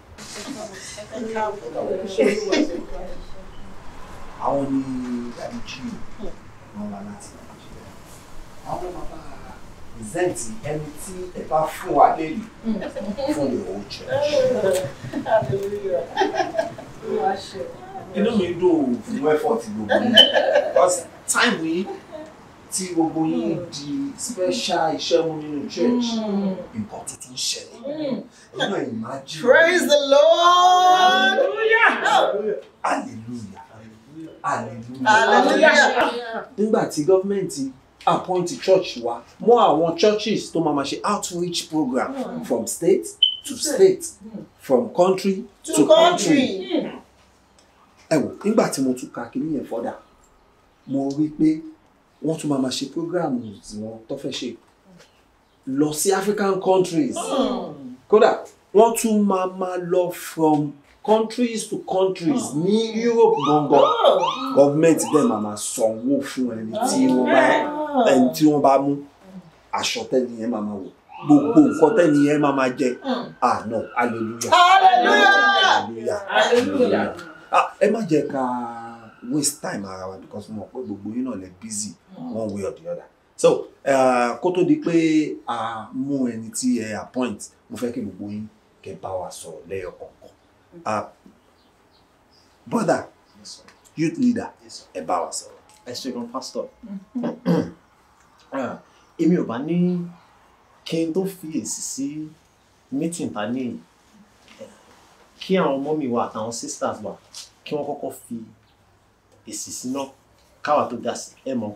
àwọn ni àdìjú yìí wọn wá láti nàìjíríà àwọn bàbá zẹ́ǹtì ẹni tí ẹ bá fún wa lélẹ̀ fún mi ò jẹ́ inú mi dùn fún effort gbogbo yìí because time yìí tí gbogbo yìí mm. di special iṣẹ́ mú nínú church mm. nǹkan tuntun ń ṣẹlẹ̀ inú ẹ̀yìn praise the lord hallelujah. hallelujah nígbà tí gọ́fìmẹ̀ntì appoint church wa mọ́ àwọn churches tó máa ma ṣe outreach program hmm. from state to state hmm. from country to, to country. Hmm. ẹ wò nígbà tí mo tún ka kí nìyẹn fọ́dà mo rí i pé wọ́n tún máa ma ṣe program wọn tó fẹ́ ṣe lọ sí African countries kódà wọ́n tún máa ma lọ from countries to countries oh. ní Europe gangan oh. government dem àmà sanwó fún ẹni tí oh, wọ́n bá ẹni tí wọ́n bá mú aṣọ tẹ́lẹ̀ yẹn màmá wò gbogbo nǹkan tẹ́ni yẹn máa ma jẹ mm. àná hallelujah hallelujah hallelujah ah, ẹ má jẹ́ ká waste time ara wa because mo mọ̀ pé gbogbo yín náà lè busy mm. one way or the other so ah, kó tó di pé a mú ẹni tí ẹ appoint mo fẹ́ kí gbogbo yín kẹ́ bá wa sọ̀rọ̀ lẹ́yọ̀kan uh, brother yes, youth leader ẹ bá wa sọ̀rọ̀. ẹ ṣe pastor mm-hmm. *clears throat* ah, èmi ò bá ní kí fi èsì sí meeting ta ní kí àwọn ọmọ mi wà àtàwọn sisters wà kí wọ́n kọ́kọ́ fi èsì sí náà káwa tó dá sí ẹ mọ̀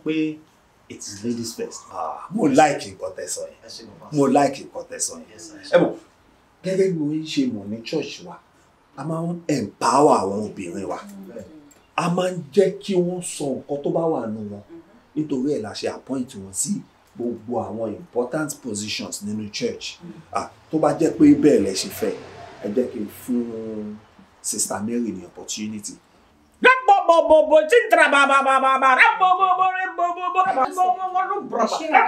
it is ladies first. Ah, mo like nǹkan tẹ̀sán yẹn mo like nǹkan tẹ̀sán yẹn ẹ mọ̀ gẹ́gẹ́ bí mo ṣe mo ni church wa a máa ń empower àwọn obìnrin wa a máa ń jẹ́ kí wọ́n sọ nǹkan tó bá wà nù wọn nítorí ẹ̀ la ṣe appoint wọn sí gbogbo àwọn important positions nínú church tó bá jẹ́ pé bẹ́ẹ̀ lẹ ṣe fẹ́ ẹ jẹ́ kí n fún Sister Mary ní opportunity bo bo bo cintra ba ba ba ba ba ra bo bo bo bo bo bo bo bo bo bo lu bro pastor bóyá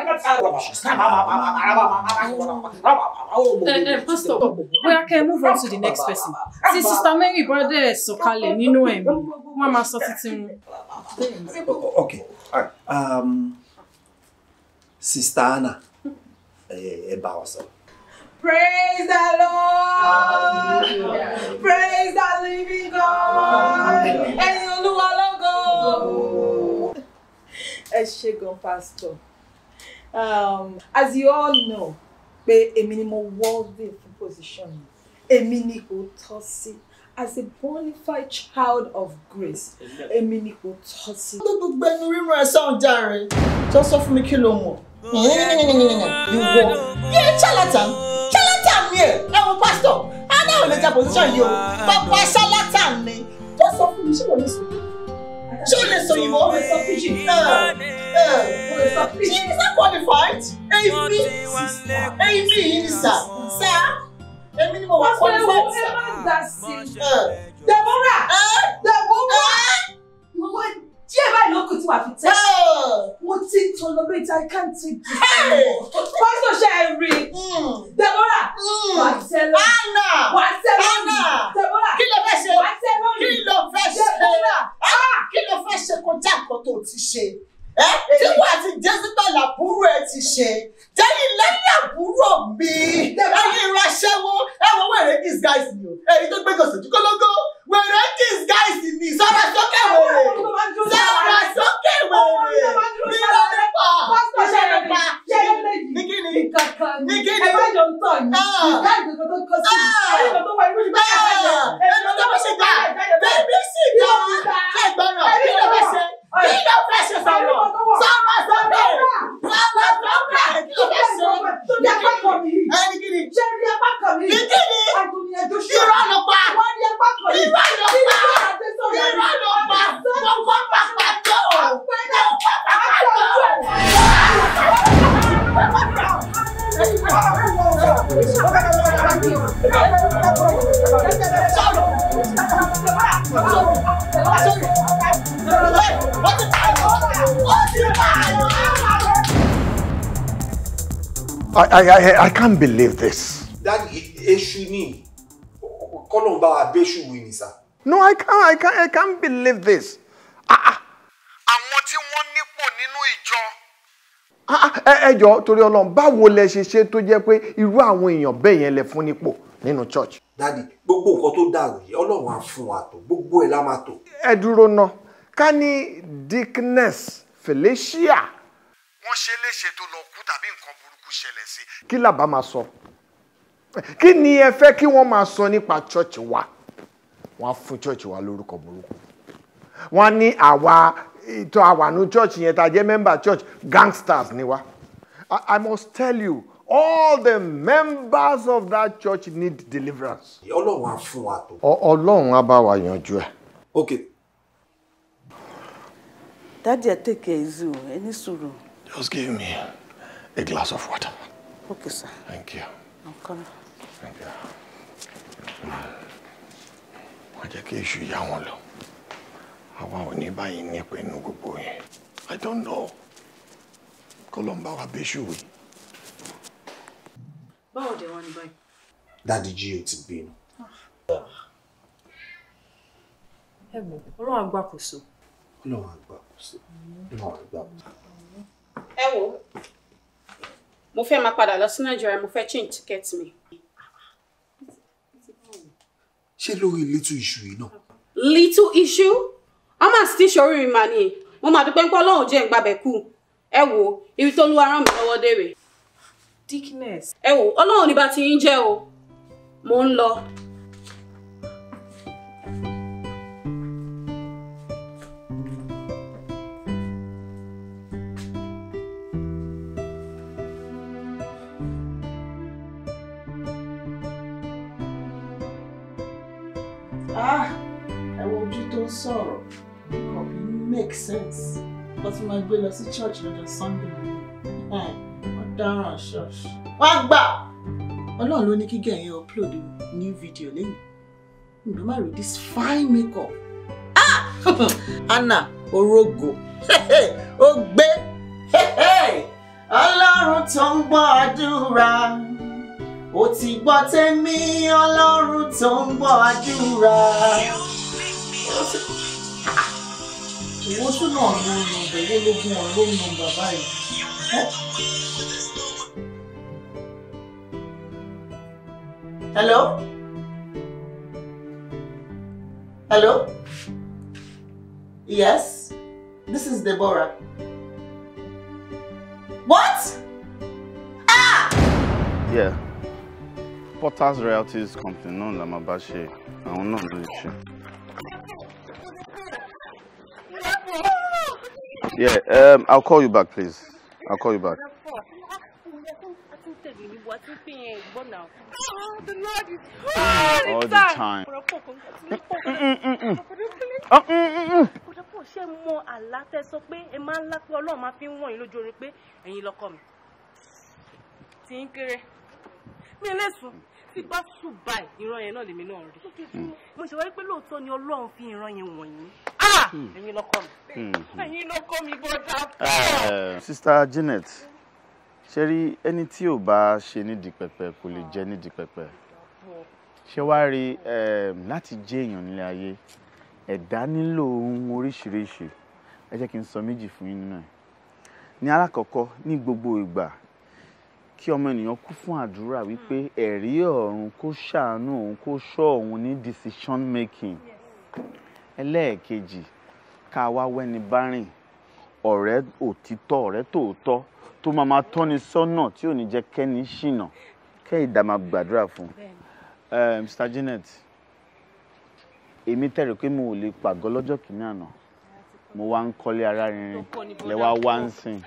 move on to the next person tí sister mary brother ẹ̀ sọ̀kalẹ̀ nínú ẹ̀ wọ́n máa sọ títí wọn. okay um, sister anna eh, bá wa sọ̀rọ̀. Praise the Lord! Praise the living God! Ẹyin Olúwa lógo! Ẹ ṣé gan pastor. Um, as you all know, pé èmi ni mo worthy fún position mi. Èmi ni kò tọ́ sí as a bona child of grace èmi ni kò tọ́ sí. gbogbo ẹnu rírun ẹ sọ̀hún jàre tó sọ fún mi kí ló mọ̀ no no no no you go yeah charlatan charlatan mi ẹ ẹ wo pastor ana ò lè ja position yìí o papa charlatan ni tó sọ fún mi ṣé wọ́n lè sọ ṣé o lè sọ yìí wọ́n lè sọ fíjì náà o lè sọ fíjì ṣé ṣe qualified èyí mi èyí mi yìí ni sà sà èmi ni mo wà qualified sà. Deborah Deborah Deborah díẹ̀ báyìí ló kù tí wàá fi tẹ́. mo ti ń tọ́ lọ lóyún tí i can't take this anymore. I, I, I, I can't believe this. That Èṣù ni. kolomba Abéṣù wí ni sá. No, I can't, I can't, I can't believe this. Ah, ah. Àwọn tí wọ́n nípò nínú ìjọ. Ah, ẹ jọ̀ọ́ torí Ọlọ́run báwo lẹ ṣe ṣe tó jẹ́ pé irú àwọn kwe iru yẹn lẹ fún nípò nínú church. Dádì gbogbo nǹkan tó dàrú yìí Ọlọ́run á fún wa tó gbogbo ẹ̀ la máa tó. Ẹ dúró ná ká ní Dickness Felicia. Wọ́n ṣe le tó to kú tàbí nǹkan burú ṣẹlẹ̀ sí kí làbá máa sọ kí ni ẹ fẹ́ kí wọ́n máa sọ nípa ṣọ́ọ̀ṣì wa wọ́n á fún ṣọ́ọ̀ṣì wa lórúkọ burúkú wọ́n ní àwa tó àwànú ṣọ́ọ̀ṣì yẹn tá a jẹ́ mẹ́mbà ṣọ́ọ̀ṣì gangsters ni wa I, I must tell you all the members of that church need deliverance. ọlọ́run á fún wa tó. ọlọ́run á bá wa yanjú ẹ̀. ok. dádì ẹ take easy o ẹ ní sùúrù. just give me a glass of water. Okay, sir. Thank you. I'm coming. Thank you. Wọ́n jẹ́ kí èṣù yá wọn lọ. Àwa ò I don't know. Kọ́lọ́mbà wa bẹ́ṣù wí. Báwo dé wọn ní báyìí? Dádì jí o ti bínú. Ah. Ẹ gbọ́, Ọlọ́run àgbàkóso. Ọlọ́run àgbàkóso. Ọlọ́run àgbàkóso. Ẹ wo mo fẹ́ máa padà lọ sí nàìjíríà mo fẹ́ change ticket mi. ṣé lórí little issue yìí náà. little issue ọmọ àti ṣorí mi mà nìyí mo máa dúpẹ́ pé ọlọ́run jẹ́ ìgbàbẹ̀ kú ẹ wo ibi tó lúwa ràn mí lọ́wọ́ dèrè. dickness. ẹ wo ọlọ́run ní bá ti ń jẹ́ o mo ń lọ. gbé lọ sí church lọ́jọ́ sunday wọ́n dáràn church wọ́n gbà ọlọ́run ló ní kí gẹ̀ upload new video lẹ́yìn ǹdọ́ má rí this fine makeup ah *laughs* anna orogo *laughs* ó gbé *laughs* ọlọ́run tó ń gbọ́ àdúrà ó ti gbọ́ tèmi ọlọ́run tó ń gbọ́ èwo tún náà ló ń nọmbà èwo ló báyìí. hello hello yes this is Deborah what ah. yeah Porters Royalties Company náà la máa bá ṣe àwọn náà ló ṣe. Yeah, um, I'll call you back, please. I'll call you back. all, the time. ṣé mo àlá sọ pé ẹ máa ń lápẹ́ ọlọ́run máa fi ń wọ̀nyí lójú pé ẹ̀yin lọ́kọ mi ti ń kéré mi lè sùn tí bá sùn ìran yẹn náà lèmi náà rí mo ṣèwádìí pé lóòótọ́ ni ọlọ́run fi ìran yẹn wọ̀nyí Hmm. Hmm, hmm. Ah, eh. Sister Janet ṣe rí ẹni tí ò bá ṣe nídìí pẹpẹ kò lè jẹ nídìí pẹpẹ ṣé wàá rí eh, láti jẹ́ èèyàn nílé ayé ẹ̀dá nílò ohun oríṣiríṣi ẹ jẹ́ kí n sọ méjì fún yín nínú ẹ̀ ní alákọ̀ọ́kọ́ ní gbogbo ìgbà kí ọmọ ènìyàn kú fún àdúrà wípé ẹ̀rí ọ̀run kó ṣàánú òun kó ṣọ́ òun ní decision making. Yes ẹlẹ́ẹ̀kejì ká wá wẹ́ni bá rìn ọ̀rẹ́ òtítọ́ ọ̀rẹ́ tòótọ́ tó máa máa tọ́ni sọ́nà tí ò ní jẹ́ kẹ́ni ṣìnà kẹ́ ìdá gbàdúrà fún Mr. Janet èmi tẹ̀rẹ̀ pé mo ò lè pàgọ́ lọ́jọ́ kìíní àná mo wá ń kọ́lé ara rinrin lẹ́wà wá ń sìn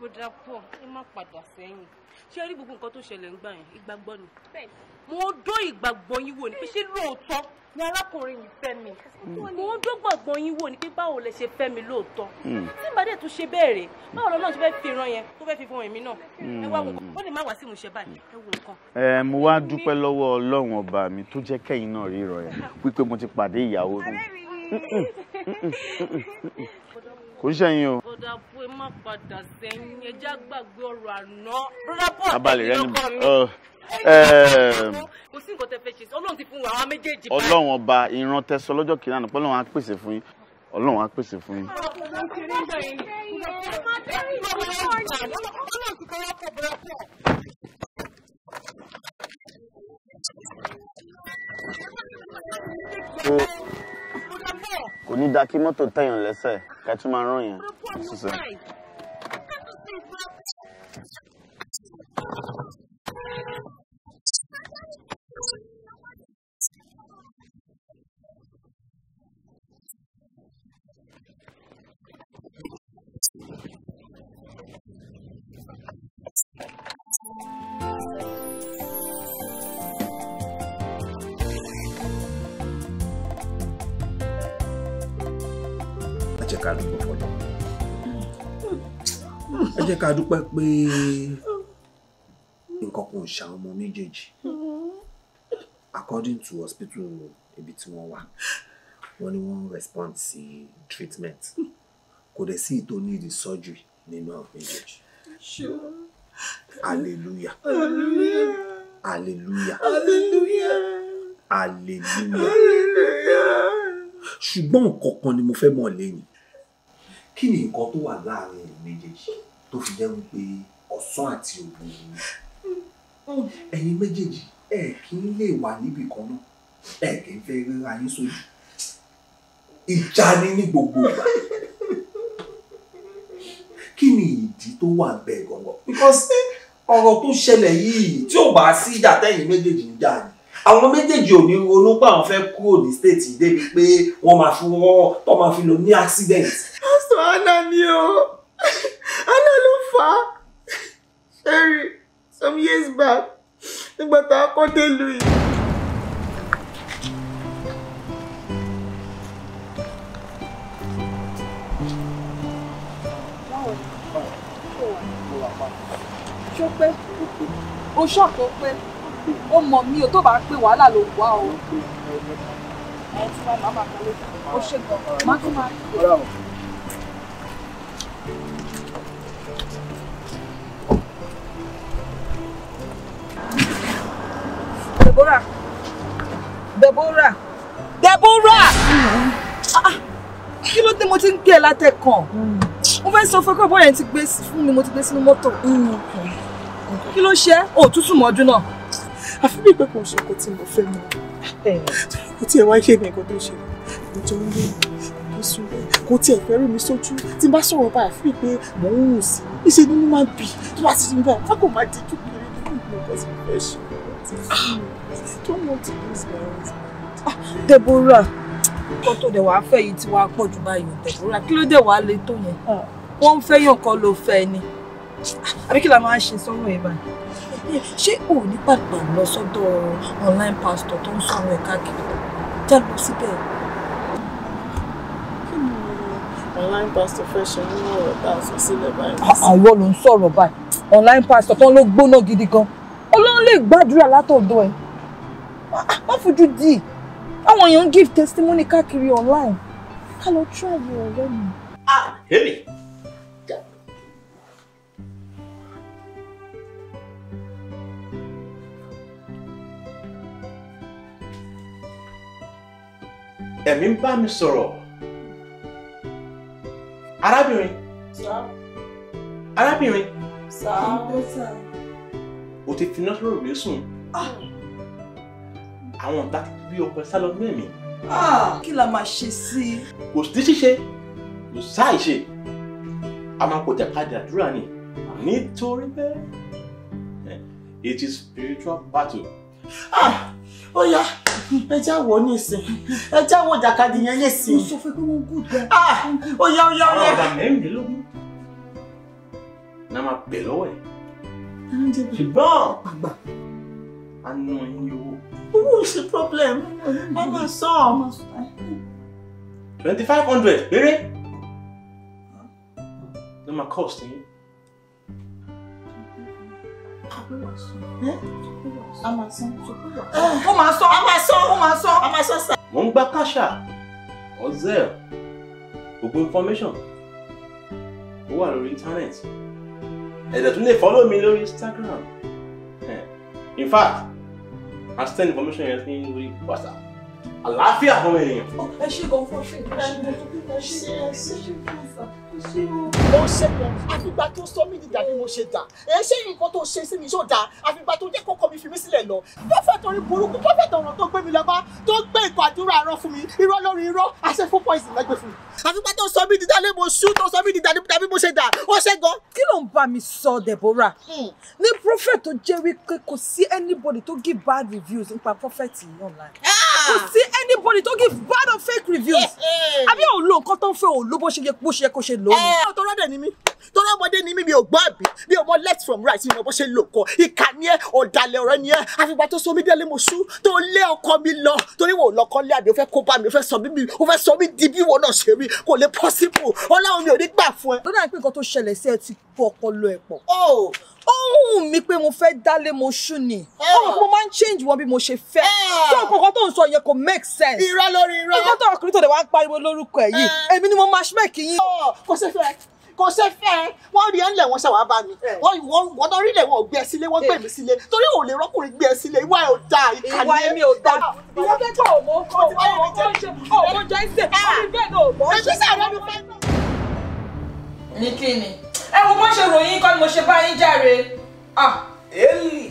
bó dá pọ̀ ẹ má padà sẹ́yìn ṣé rí gbogbo nǹkan tó ṣẹlẹ̀ ń gbà yẹn ìgbàgbọ́ ni. mo dó ìgbàgbọ́ yín wò ni pé ṣé lóòótọ́ ni arákùnrin yìí fẹ́ mi. mo dó gbàgbọ́ yín wò ni pé báwo lẹ ṣe fẹ́ mi lóòótọ́. Hmm. tí bàdé tún ṣe bẹ́ẹ̀ rè báwo lọ́nà tó fẹ́ fi ran yẹn tó fẹ́ fi fún ẹ̀mí náà. ẹ wá hmm. nǹkan ó lè má wá sí ìmúṣẹ báyìí ẹ eh, mo wá dúpẹ́ lọ́wọ́ ọlọ́run ọba mi tó jẹ́ kẹ́yìn náà ríran yẹn wípé mo ti pàdé ìyàwó mi. *laughs* kò ń ṣẹ̀yìn o. bọ́dà bó ẹ má padà sẹ́yìn ẹjẹ́ àgbàgbé ọ̀rọ̀ àná. rọ́lá pọ̀ àti lọ́kọ̀ mi. kò sí nǹkan tẹ́ fẹ́ ṣe ọlọ́run ti fún wa àwọn méjèèjì. ọlọ́run ọba ìran tẹsọ lọ́jọ́ kìnnà nípa ọlọ́run á pèsè fún yín ọlọ́run á pèsè fún yín. Oh kò ní da kí mọ́tò tẹ̀yàn lẹ́sẹ̀ ká máa rán yẹn Thank you. ká dúpẹ́ fọlọ́ ẹ jẹ́ ká dúpẹ́ pé nǹkan kan ò ṣà ọmọ méjèèjì according to hospital ibi tí wọ́n wà wọ́n ní wọ́n respond sí treatment kò dẹ̀ sí ìtò need surgery nínú àwọn méjèèjì hallelujah hallelujah hallelujah hallelujah ṣùgbọ́n nǹkan kan ni mo fẹ́ mọ̀ lẹ́yìn kí ni nǹkan tó wà láàrin ẹ̀ méjèèjì tó fi jẹ́ wípé ọ̀sán àti òru ẹ̀yin méjèèjì ẹ kì í lè wà níbì kan náà ẹ kì í fẹ́ ríra yín sójú ìjà ni ní gbogbo ìgbà kí ni ìdí tó wà bẹ́ẹ̀ gangan because ọ̀rọ̀ tó ṣẹlẹ̀ yìí tí ò bá sí ìjà tẹ̀yìn méjèèjì ń jà ni àwọn méjèèjì ò ní ronú pé àwọn fẹ́ kúrò ní state débi pé wọ́n máa fi wọ́n tó máa fi lọ ní accident mi o àná ló fà á ṣẹ́rí some years back nígbà tá a kọ́ délùú yìí. ṣó o ṣọ́ọ̀kọ́ pé ó mọ̀ mí o tó bá pé wàhálà ló wà o. ẹ ti máa máa kálé o ṣe gbọ́dọ̀ má tún máa. Deborah. Deborah. Deborah! Ah, ah. Kí ló dé mo ti ń gbé ẹ látẹ̀kàn? Mo fẹ́ sọ fún ẹ pé bọ́ọ̀yẹ̀ ti gbé fún mi, mo ti gbé sínú mọ́tò. Kí ló ṣe? Òtútù mọ́jú náà. Àfi bí ìgbẹ́ kan ṣe kò tí mo fẹ́ mọ́. Kò tí ẹ wá yé mi nǹkan tó ṣe. Mo jọ ń lé mi sùúrù. Kò tí ẹ fẹ́ rí mi sójú. Tí n bá sọ̀rọ̀ báyìí àfi pé mò ń rùn sí. Ìṣe nínú máa ń bì. Tó bá ti rí báyìí, a kò máa dijú kiri nínú ìgbọ̀ngàn tí mo fẹ́ ṣe. I don't want Deborah, nǹkan tó dẹ̀ wá fẹ́ yìí ti wá pọ̀ jù báyìí o Deborah. Kí ló dé wàá le tó yẹn? Ah. Wọ́n ń fẹ́ yàn kan ló fẹ́ ni. Ah, àbí kí la máa ṣe sọ́rọ̀ ẹ̀ báyìí? Ṣé o ní pàpà lọ sọ́dọ̀ online pastor tó ń sọ̀rọ̀ ẹ̀ káàkiri? Já lọ síbẹ̀. Kí ni online pastor fẹ́ ṣe nínú ọ̀rọ̀ tá a sọ sílẹ̀ báyìí? Ah, Àìwọ ló ń sọ̀rọ̀ báyìí. Online pastor tán ló gbóná gidi gan. Ọlọ́run lè gbàdúrà látọ̀dọ̀ ẹ̀. What would you do? I want you to give testimony káàkiri online ká lọ try your ọ̀rẹ́ mi. ah èmi. ẹ̀mí ń bá mi Sir. arábìnrin arábìnrin o ti fi náà sọ̀rọ̀ lé sùn. Mm àwọn ọ̀tá bí ọkọ̀ ẹ sá lọ nínú ẹ̀mí. Ah, kí la máa ṣe sí i. kò sí ṣíṣe kò sáì ṣe a máa kọjá káàdì àdúrà ni nítorí bẹ́ẹ̀ eh, it is spiritual battle. Ah, ó yá ẹ jáwọ́ ní ìsìn ẹ jáwọ́ jàkadì yẹn ní ìsìn. mo sọ fún ẹ pé wọ́n gùn gan. Ah, ó yá ó yá ó yá. ọ̀gá mẹ́rìndínlógún náà máa bẹ̀ lọ́wọ́ ẹ̀ ṣùgbọ́n àgbà á ná owó. What's the problem? I'm a son. 2500 Really? No, my cost, eh? Ó máa sọ, ó máa sọ, ó máa sọ, ó máa sọ sá. Mo ń gba káṣà, ọ̀zẹ́l, gbogbo information, ó wà lórí íńtánẹ́ẹ̀tì. Ẹ̀dẹ̀ tún lè follow mi lórí Instagram. Eh, in fact, and send information yẹn sí orí WhatsApp àlàáfíà fún mi nìyẹn. ẹ ṣe gan fún ọṣẹ ìgbà ṣe ṣe ṣe ṣe fún ọṣẹ. mo ṣe yẹn àfìgbà tó sọ mí dìgbà bí mo ṣe dà ẹ ṣé nǹkan tó ṣe sí mi yóò dà àfìgbà tó jẹ́ kọ́kọ́ mi fi mí sílẹ̀ lọ pọfẹ torí burúkú pọfẹ tọrọ tó gbé mi lọba tó gbé ìkọ àdúrà rán fún mi irọ́ lórí irọ́ àṣẹ fún pọyìsì lẹgbẹ fún mi. àfìgbà tó sọ mí dìgbà lé mo ṣú tó sọ mí dìgbà nípa bí mo ṣe dà ó ṣe gan. kí ló ń bá mi sọ Deborah hmm. ní prophet tó jẹ́ wípé anybody tó give bad reviews nípa prophet yìí online. Ah! kò sí anybody tó give bad or fake reviews eh, eh. àbí ò lo nǹkan tó ń fẹ́ ò lo bó ṣe yẹ bó ṣe yẹ kó ṣe lò ó. Eh. tó rọ́dẹ̀ ni mí tó rọ́mọdé ni mí mi ò gbọ́ àbí mi ò mọ left from right mi ò bó ṣe lò kọ ìkà ni ẹ ọ̀dàlẹ̀ ọ̀rẹ́ ni ẹ àfipá tó so mí délé mo sú tó lé ọkọ mi lọ torí wọn ò lọkọ lé àbí ó fẹ́ kó bá mi ó fẹ́ sọ mí ó fẹ́ sọ mí di bí wọn náà ṣe rí kò lè possible ọlọ́run mi ò ní gbà fún ẹ. lọ́dà pé nǹkan tó ṣẹlẹ̀ sí ẹ ti bu ọpọlọ ẹ̀ pọ̀. Oh! ó hùn mí pé mo fẹ́ dálé mo ṣú ni ó mọ̀ pé mo máa ń change wọn bí mo ṣe fẹ́ tó nǹkan tó ń sọ yẹn kò make sense. irọ́ lórí irọ́. nǹkan tó ọkùnrin tó dẹ̀ wá ń pariwo lórúkọ ẹ̀ yìí èmi ni mo máa ṣmẹ́ẹ̀kì yín. Oh! kò ṣe fẹ́ kò ṣe fẹ́ wọ́n rí ẹ̀ ńlẹ̀ wọ́n ṣe wàá bá mi wọ́n náà rí ilẹ̀ wọn ò gbé ẹ sílé wọ́n gbé mi sílé torí ò lè rọ́kùnrin gbé ẹ sílé ìwà ẹ̀ ò da ìkàlẹ́. ìwà ẹ̀mí ò da ìwà kẹ́kọ̀ọ́ ò mọ̀ ọ́ ọ́ ọ́ jẹ́ ìṣe ọ̀rẹ́ bẹ́ẹ̀ náà ò mọ̀ ọ́ ṣe. ní kí ni ẹ wo bó ṣe ròyìn kọ́ ni mo ṣe bá yín járe. Ah. eli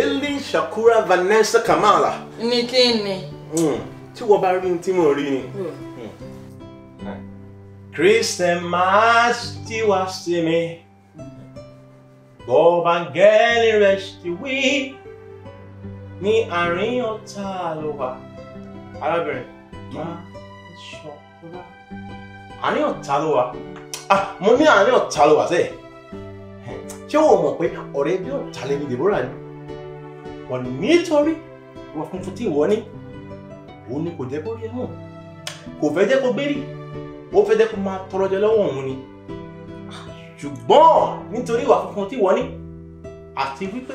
eli shakura vanessa kamala. ní kí ni. Hmm. tí wọ́n bá rí ní tí mo rí ni. Hmm. Hmm. Christian máa ti wá sí mi bó bá ń gẹ́lì rẹ̀ ti wí ní àárín ọ̀tá ló wà. arábìnrin máa ń ṣọ́ra àárín ọ̀tá ló wà ah mo ní àárín ọ̀tá ló wà sẹ́yìn ṣé wọn mọ̀ pé ọ̀rẹ́ bí ọ̀tá lè Deborah ni wọn nítorí wọn funfun tí ìwọ ní òun ni kò jẹ́ kó rí ẹ mọ̀ kò fẹ́ jẹ́ kó gbérí ó fẹ́ jẹ́ kó máa tọrọ jẹ lọ́wọ́ òun ni ṣùgbọ́n nítorí ìwà funfun tí ìwọ ní àti wípé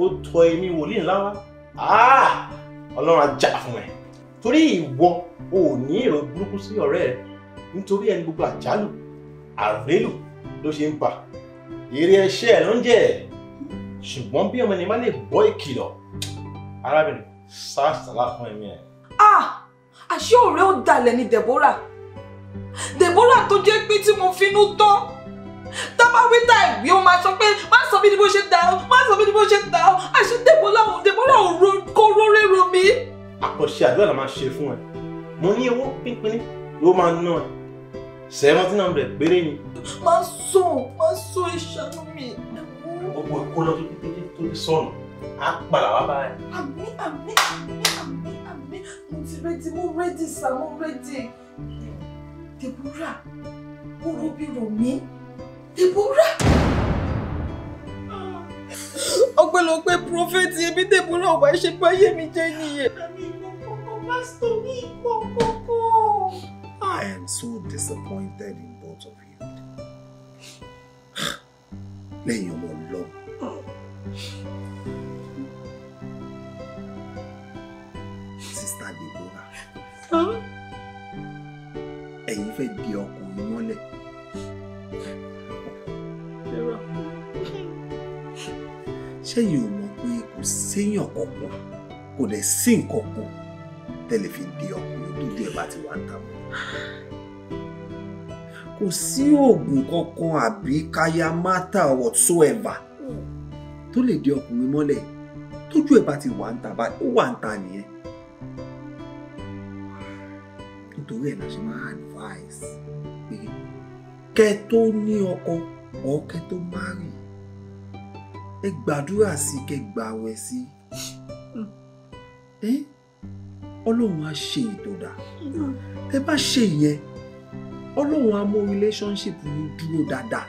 ó tọ ẹ̀mí wòlíì ńlá wá ah, ọlọ́run á jà fún ẹ torí ìwọ ò ní ìrọ̀ burúkú sí ọ̀rẹ́ rẹ nítorí ẹni gbogbo àjálù àrélù ló ṣe ń bà èrè ẹṣẹ ẹ ló ń jẹ ṣùgbọ́n bí ọmọ ni má lè gbọ́ ìkìlọ̀ arábìnrin sàṣàlá fún ẹ̀mí ẹ̀. ah àṣé ọ̀rẹ́ ò dalẹ̀ ni Deborah Deborah tó jẹ́ pé tí mo finú tán tábà wíta ìwé ó máa sọ pé má sọ mí ni bó ṣe dà ó má sọ mí ni bó ṣe dà ó àṣé Deborah ò Deborah ò ro kó róré ro mi. àkànṣe àdúrà la máa ṣe fún ẹ mo ní owó pínpín ló máa ná ẹ seventeen hundred péré ni. má sọ má sọ ìṣàánú mi. gbogbo ẹ̀kọ́ lọ tó tó tó tó sọnù á padà wá báyìí. àmì àmì àmì àmì àmì mo ti rẹ́dí mo rẹ́dí sá mo rẹ́dí. dèbúrà ó rọ́bì rọ̀ mí dèbúrà ọpẹ́lọpẹ́ prọfẹtì ebi tẹbúrò ọba ìṣẹpẹ mi jẹ nìyẹn. àmì ìmọ̀kọ́kọ́ pásítọ̀ ní ìmọ̀kọ́kọ́. I am so disappointed in both of you. Lẹ́yìn ọmọ lọ. Sista Deborah. Ẹ̀yin fẹ́ di ọkùnrin mọ́lẹ̀. Ṣẹ́yìn ò mọ̀ pé kò séyàn kankan kò dẹ̀ sí nǹkan kan tẹ́lẹ̀ fi di ọkùnrin tójú ẹ̀ bá ti wá ń ta mọ́ kò sí oògùn kankan àbí kayamata whatsoever tó lè dè ọkùnrin mọ́lẹ̀ tójú ẹ̀ bá ti wà ń ta báyìí ó wà ń ta nìyẹn nítorí ẹ̀ la ṣe máa advice pé kẹ́ tó ní ọkọ ọ̀ kẹ́ tó má rí ẹ gbàdúrà sí kẹ́ gbàwẹ̀ sí. Eh? ọlọ́run á ṣe ìtòdà tẹ bá ṣe ìyẹn ọlọ́run á mú relationship yín dúró dáadáa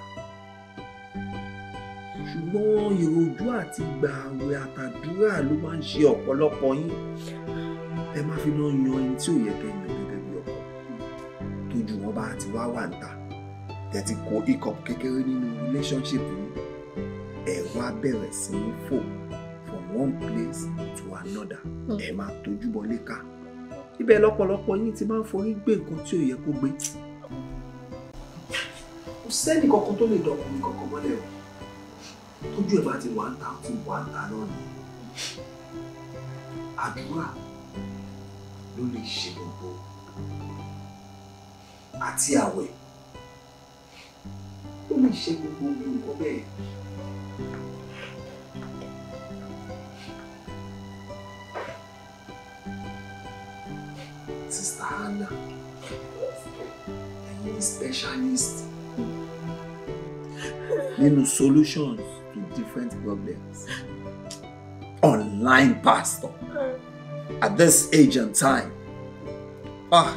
ṣùgbọ́n ìrojú àti gbààwẹ̀ àtàdúrà ló máa ń ṣe ọ̀pọ̀lọpọ̀ yín ẹ má fi náà yan ẹni tí ò yẹ kẹ́ yan gẹ́gẹ́ bí ọkọ tójú wọn bá ti wá wà níta tẹ ti kó hiccup kékeré nínú relationship yín ẹ wá bẹ̀rẹ̀ sí í fò one place to another hmm. ẹ máa tójú bọ léka ibẹ̀ lọ́pọ̀lọpọ̀ yín ti máa ń forí gbé nǹkan tí ò yẹ kó gbé kò sẹ́ni kankan tó lè dọkùnrin kankan mọ́lẹ̀ o tójú ẹ̀ bá ti wà ń ta ti wà ń ta náà ni àdúrà ló lè ṣe gbogbo àti àwẹ̀ ló lè ṣe gbogbo nǹkan bẹ́ẹ̀. Sister Hannah, a specialist nínú solutions to different problems. Online pastor at this age and time. Ah,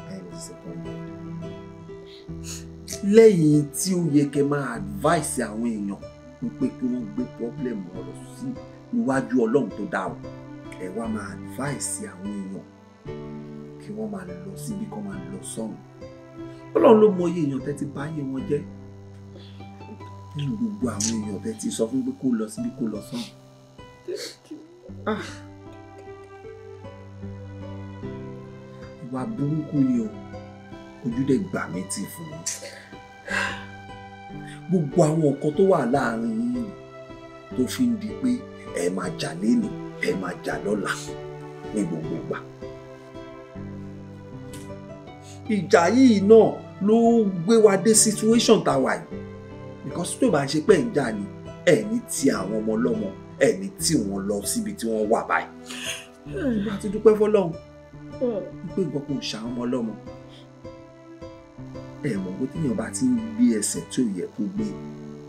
I am disappointed. Lẹ́yìn tí ó yẹ kẹ́ máa advice àwọn èèyàn wípé kí wọ́n gbé problem ọ̀rọ̀ sí iwájú Ọlọ́run tó dá o, ẹ wá máa advice àwọn èèyàn kí wọ́n máa lọ síbi kan máa lọ sọ́run ọlọ́run ló mọyì èèyàn tẹ́ ti báyé wọn jẹ́ nínú gbogbo àwọn èèyàn tẹ́ ti sọ fún pé kó lọ síbi kó lọ sọ́run. Ah! ìwà burúkú yìí o ojú dẹ̀ gbà mí tì fún mi gbogbo àwọn nǹkan tó wà láàrin yìí tó fi ń di pé ẹ máa jà lénìí ẹ máa jà lọ́la ní gbogbo ìgbà ìjà yìí náà ló gbé wa dé situation tá a wà yìí because tó bá ń ṣe pé ń jà ni ẹni tí àwọn ọmọ ọlọ́mọ ẹni tí wọ́n lọ síbi tí wọ́n wà báyìí. ìgbà tó dúpẹ́ fọlọ́run pé nǹkan kò ṣàwọn ọmọ ọlọ́mọ ẹ mọ̀ pé tíyàn bá ti ń gbé ẹsẹ̀ tí ò yẹ kó gbé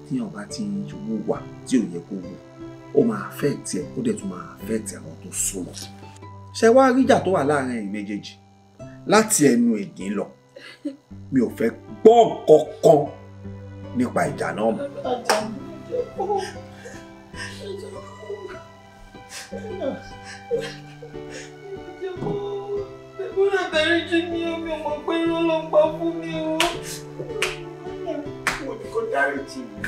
tíyàn bá ti ń wùwà tí ò yẹ kó wù ó máa affect ẹ ó dẹ̀ tún máa affect àwọn tó súnmọ́. ṣé wàá ríjà tó wà láàárín ẹ̀yin méjèèjì láti ẹnu ìdín lọ mi ò fẹ́ gbọ́ kankan nípa ìjà náà mọ́. Bùrọ̀ bẹ̀rẹ̀ jù mí o, mi pé irọ́ ló pa fún mi o. Mo ní kó dárí jì mí.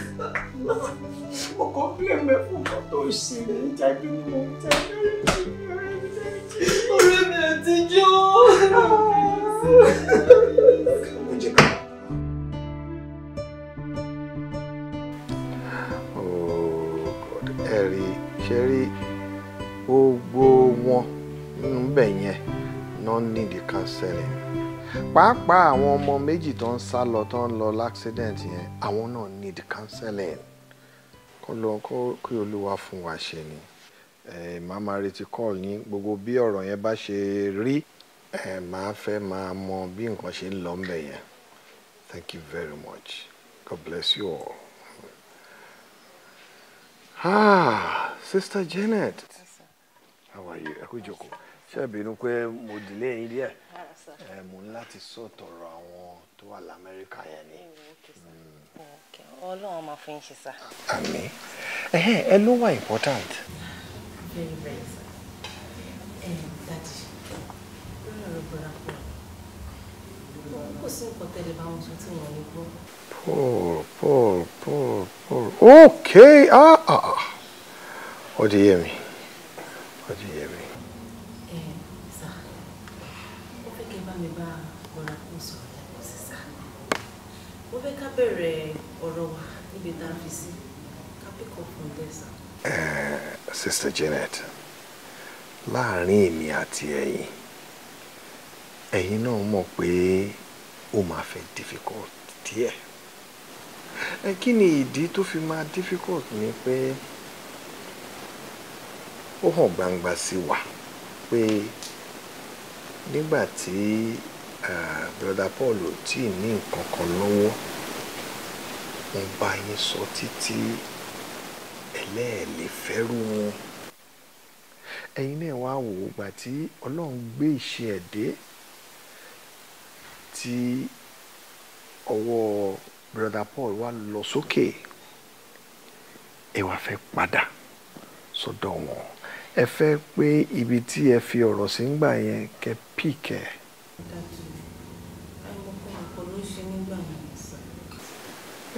Mo bí ẹ̀mẹ́fù kan tó ṣe ní ìjáde ni mo ń tẹ́lẹ̀ ọ̀rẹ́ mi àtijọ́. ó jẹ́ oh, ká. ẹ̀rí ṣe rí gbogbo wọn nínú bẹ̀ yẹn náà nídìí kan sẹ́rìn pàápàá àwọn ọmọ méjì tó ń sá lọ tó ń lọ l'accident yẹn àwọn náà need counseling kó lọ kó kí olúwa fún wa ṣe ni. Eh, màá máa retí call yín gbogbo bí ọ̀rọ̀ yẹn bá ṣe rí eh, màá fẹ́ máa mọ bí nǹkan ṣe ń lọ ńbẹ̀ yẹn thank you very much god bless you all. ah sister Janet how are you ẹ kú jókòó ṣẹ́bìnú pé mo dìlé yín díẹ̀ ẹ eh, mo ní láti sọ̀tọ̀rọ̀ àwọn tó wà lamẹ́ríkà yẹn ni. Oh, oh, ọlọ́run máa fi ń ṣe sá. ẹ ló wà important. Mm -hmm. Paul Paul Paul Paul Okay, ah, ah ah ó ti yé mi ó ti yé mi. ẹ sà me fẹ́ kẹ́ bá mi bá ọ̀rọ̀ kó sọ̀rọ̀ lẹ́kọ̀ọ́ sí sà ó fẹ́ ká bẹ̀rẹ̀ ọ̀rọ̀ wa níbi a Janet láàárín èmi àti ẹ̀yin ẹ̀yin náà mọ̀ pé ó máa fẹ́ difficult díẹ̀ ẹ kí ni ìdí tó fi máa difficult ni pé ó hàn gbangba sí wa pé nígbà tí broda Paul ò tí ì ní nǹkan kan lọ́wọ́ wọ́n bá yín sọ títí ẹlẹ́ẹ̀lẹ́ wọn ẹ̀yin náà wá wò ó gbà tí Ọlọ́run gbé ìṣe ẹ̀ dé tí ọwọ́ brother Paul wá lọ sókè ẹ wá fẹ́ padà sọ́dọ̀ wọn ẹ fẹ́ pé ibi tí ẹ fi ọ̀rọ̀ sí ń gbà yẹn kẹ píkẹ́.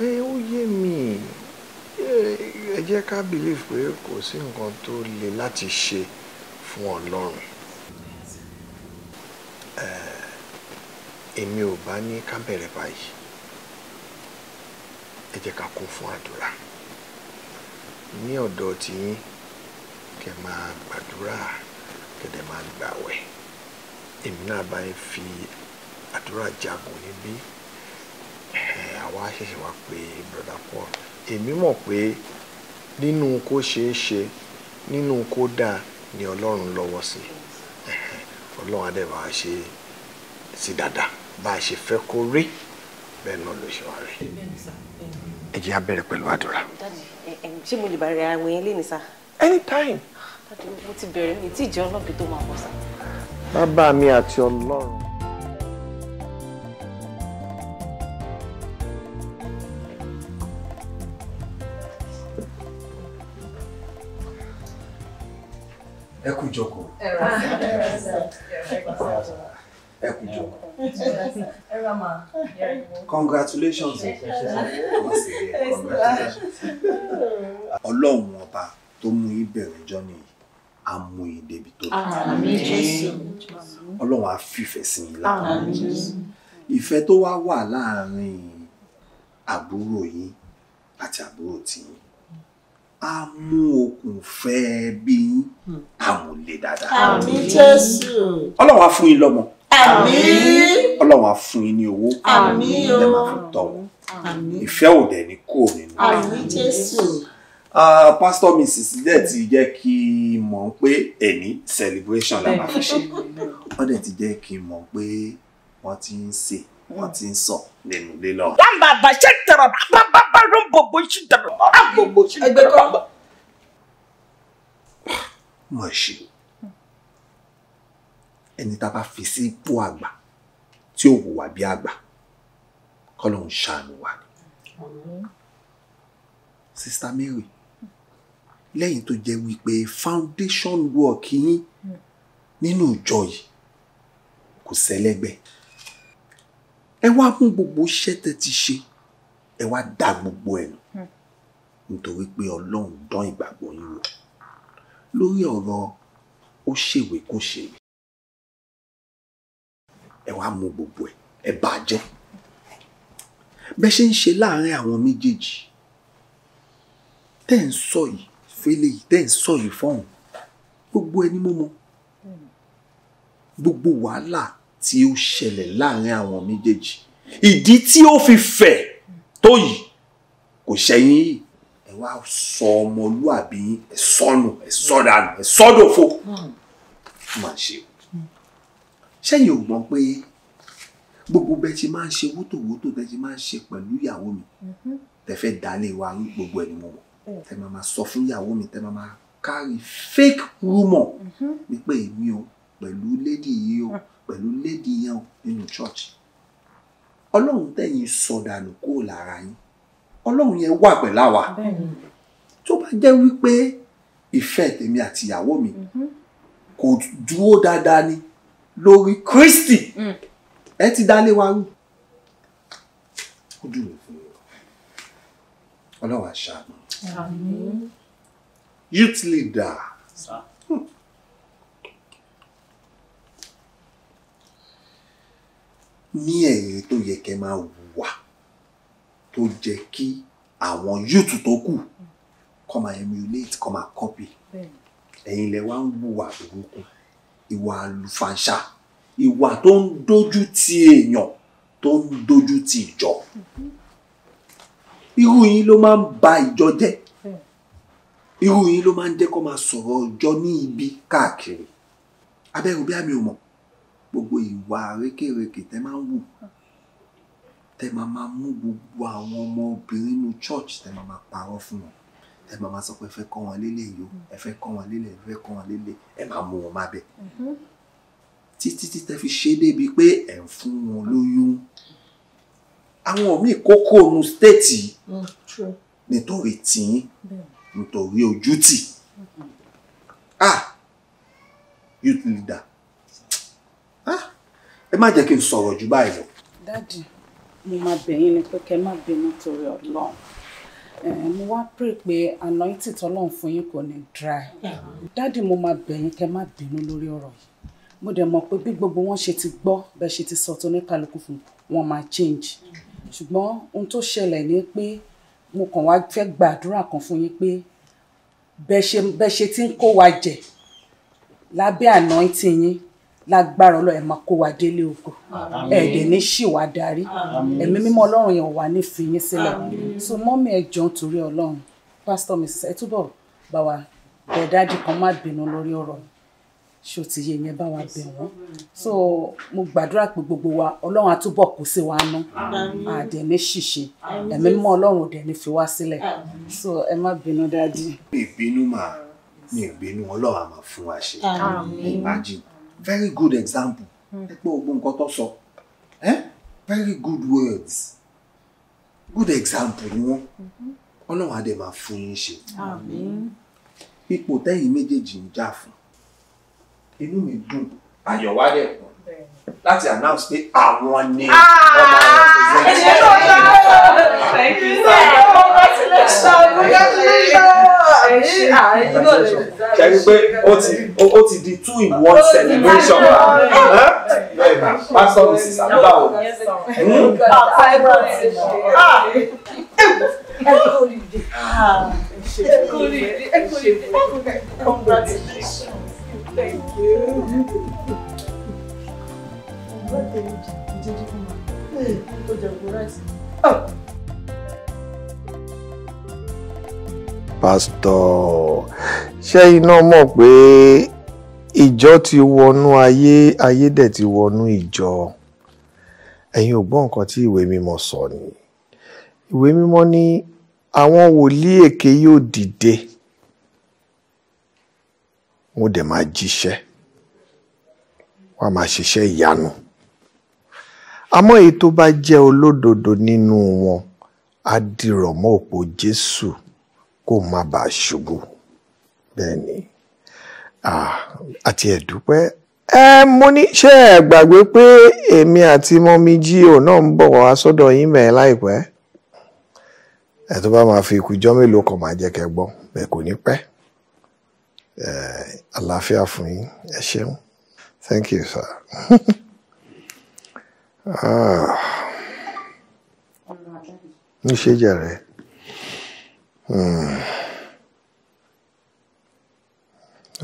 ẹ ó yé mi ẹ jẹ́ ká believe pé kò sí nǹkan tó le láti ṣe fún Ọlọ́run. Uh, èmi ò bá ní ká bẹ̀rẹ̀ báyìí ẹ jẹ́ ká kún fún àdúrà ní ọ̀dọ̀ tiyín kẹ máa gbàdúrà kẹ̀dẹ̀ máa gbàwẹ̀ èmi náà bá ń fi àdúrà jagun níbí àwa ṣẹ̀ṣẹ̀ wá pé broda Paul èmi mọ̀ pé nínú kó ṣeé ṣe nínú kó dáa ni ọlọ́run lọ́wọ́ sí ọlọ́run adẹ́bàá ṣe sí dáadáa bá a ṣe fẹ́ kó rí bẹ́ẹ̀ náà ló ṣe wá rí. ẹ jẹ́ á bẹ̀rẹ̀ pẹ̀lú àdúrà. ṣé mo lè bàrẹ̀ àwọn yẹn léni sá. anytime. dádì mo ti bẹ̀rẹ̀ mi tí ìjọ ọlọ́gbìn tó máa bọ̀ sá. bàbá mi àti ọlọ́run. ẹ kú jókòó ẹ kú jókòó congratulations ọlọ́run ọba tó mú yín bẹ̀rẹ̀ jọ́ni amú yín débi tó dé ọlọ́run á fìfẹ́ sí yín láàárín ìfẹ́ tó wá wà láàárín àbúrò yín àti àbúrò tiyín a mú okùn fẹ́ bí àmúlé dáadáa. ọlọ́run á fún yín lọ́mọ àmín ọlọ́run á fún yín ní owó àmín ẹ máa fi tọ̀ wọ́n ìfẹ́ ò dẹ̀ ní kúrò nínú àmín jésù. pásítọ̀ mi sísí dẹ̀ ti jẹ́ kí n mọ̀ pé ẹ̀ní celebration la máa fi ṣe wọ́n dẹ̀ ti jẹ́ kí n mọ̀ pé wọ́n ti ń sè wọ́n ti ń sọ nínú ilé lọ. yàrá bàbá ṣe tẹ̀rọ bàbá bá ló ń bòbò ṣe tẹ̀rọ bàbá bòbò ṣe tẹ̀rọ bàbá. mo ṣe ẹni tá a bá fi sí ipò àgbà tí ò hùwà bí àgbà kọ́lọ́hún ṣàánú wa sista Mary lẹ́yìn tó jẹ́ wípé foundation work yín nínú ìjọ yìí kò sẹ́lẹ́gbẹ́ ẹ wá mú gbogbo iṣẹ́ tẹ́ ti ṣe ẹ wá dà gbogbo ẹ̀ nù hmm. nítorí pé ọlọ́run dán ìgbàgbọ́ yín lórí ọ̀rọ̀ ó ṣèwé kó ṣèwé ẹ wá mú gbogbo ẹ ẹ bà á jẹ́ bẹ́ ṣe ń ṣe láàárín àwọn méjèèjì tẹ́ ń sọ yìí fẹ́lẹ́ yìí tẹ́ ń sọ yìí fọ́hùn gbogbo ẹni mo mọ̀ gbogbo wàhálà tí ó ṣẹlẹ̀ láàárín àwọn méjèèjì ìdí tí ó fi fẹ̀ tó yìí kò ṣẹ̀yìn yìí ẹ wá sọ ọmọlúàbí ẹ sọnù ẹ sọdànù ẹ sọdòfo máa ṣe o ṣẹ́yìn ò mọ̀ pé gbogbo bẹ́ẹ̀ ti máa ń ṣe wótòwótò bẹ́ẹ̀ ti máa ń ṣe pẹ̀lú ìyàwó mi mm-hmm. tẹ fẹ́ wa gbogbo ẹ̀ ni mo mọ̀ tẹ máa máa sọ fún ìyàwó mi tẹ máa máa carry fake rumour wípé mm-hmm. èmi o pẹ̀lú lady yìí o mm. pẹ̀lú lady yẹn o nínú church ọlọ́run tẹ̀yìn sọ̀dànù kúrò lára yín ọlọ́run yẹn wà pẹ̀lú àwa tó bá jẹ́ wípé ìfẹ́ tèmi àti ìyàwó mi mm-hmm. kò dúró dáadáa ni lórí Kristi mm. ẹ ti dá lé wa rú ó dùn fún mi ọlọ́wà ṣàánú youth leader hmm. ní ẹ̀yìn tó yẹ kẹ́ máa wà tó jẹ́ kí àwọn youth tó kù kọ́ máa emulate kọ́ máa copy ẹ̀yin lẹ wá ń wùwà burúkú ìwà àlùfàǹṣà ìwà tó ń dojú ti èèyàn tó ń dojú ti ìjọ irú yín ló máa ń ba ìjọ jẹ irú yín ló máa ń jẹ́ kó máa sọ̀rọ̀ ìjọ ní ibi káàkiri abẹ́rù bí àmì ò mọ̀ gbogbo ìwà rékèrèkè tẹ́ máa ń wù tẹ́ máa máa mú gbogbo àwọn ọmọ obìnrin nínú church tẹ́ máa máa parọ́ fún wọn ẹ máa máa sọ pé ẹ fẹ́ kọ́ wọn lélẹ̀ yìí o mm. ẹ fẹ́ kọ́ wọn lélẹ̀ ẹ fẹ́ kọ́ wọn lélẹ̀ ẹ máa mú wọn má bẹ̀ mm-hmm. títí tí tẹ fi ṣe débi pé ẹ ń fún wọn lóyún àwọn míì kókó nu stéètì mm, nítorí tìyín nítorí ojú tì mm-hmm. ah youth leader ah ẹ má jẹ́ kí n sọ̀rọ̀ jù báyìí lọ. dáàdì mo máa bẹ̀ ni pé kẹ́ ẹ má bínú torí ọlọ́run Eh, mo wá pray pé anointing tọ́lọ́run fún yín kò ní dry dáàdì mo máa bẹ̀yìn kẹ́ má bínú lórí ọ̀rọ̀ yìí mo dẹ̀ mọ̀ pé bí gbogbo wọn ṣe ti gbọ́ bẹ́ẹ̀ ṣe ti sọ tó ní kálukú fún wọn máa change ṣùgbọ́n ohun tó ṣẹlẹ̀ ni pé mo kàn wá fẹ́ gbàdúrà kan fún yín pé bẹ́ẹ̀ ṣe ti ń kó wa jẹ lábẹ́ anointing yín lágbára ọlọ́run ẹ̀ máa kó wa délé oko ẹ̀ẹ́dẹ̀ ní ṣì wá darí ẹ̀mí mímọ́ ọlọ́run yẹn wà ní fìyín sílẹ̀ so mọ́mí ẹ̀ jọ nítorí ọlọ́run pásítọ̀ mi ẹ túbọ̀ bá wa bẹ̀ dájú kan má bínú lórí ọ̀rọ̀ ṣó ti yé yẹn bá wa bẹ̀ wọ́n so mo gbàdúrà pé gbogbo wa ọlọ́run á túbọ̀ kó sí wa ná àdẹ̀ ní ṣìṣe ẹ̀mí mímọ́ ọlọ́run dẹ̀ ní fi wá sílẹ̀ so ẹ má bínú dájú. mi ìbínú mà mi ìbínú ọlọ́run á fún wa ṣe imagine very good example hmm. ẹ pé ogun nǹkan tó sọ very good words good example ni wọ́n mm-hmm. ọlọ́run adé máa fún yín ṣe ipò tẹ́yìn méjèèjì ń jà fún inú mi dùn ayọ̀ wá dẹ̀ pọ̀ láti announce pé àwọn ni ọmọ ọmọ president. thank you so much congratulations congratulations ṣe rí pé ó ti di two in one celebration pastor mrs abibawo. ọ̀pá ẹ̀rọ ti ṣe. Ah! Ah! Congratulations. Thank you. pásítọ̀ ṣé iná mọ̀ pé ìjọ ti wọnú ayé ayé dẹ̀ ti wọnú ìjọ ẹ̀yin ò gbọ́ nǹkan tí ìwé mímọ́ sọ ni ìwé mímọ́ ní àwọn wòlíì èké yóò dìde wọ́n dẹ̀ máa jíṣẹ́ wọ́n máa ṣiṣẹ́ ìyanu àmọ́ èyí tó bá jẹ́ olódodo nínú wọn á dìrọ̀ mọ́ òpó Jésù kó má bàa ṣubú bẹ́ẹ̀ ni àti ẹ̀dúpẹ́ ẹ mo ní ṣe ẹ gbàgbé pé èmi àti mọ́mí jí ò náà ń bọ̀ wá sọ́dọ̀ yín mẹ́ẹ̀ láìpẹ́ ẹ tó bá máa fi ikú jọ́ mélòó kan máa jẹ́ kẹ́ gbọ́ bẹ́ẹ̀ kò ní pẹ́ àlàáfíà fún yín ẹ ṣeun thank you sir. *laughs* ah. ń ṣe jàre. Hmm.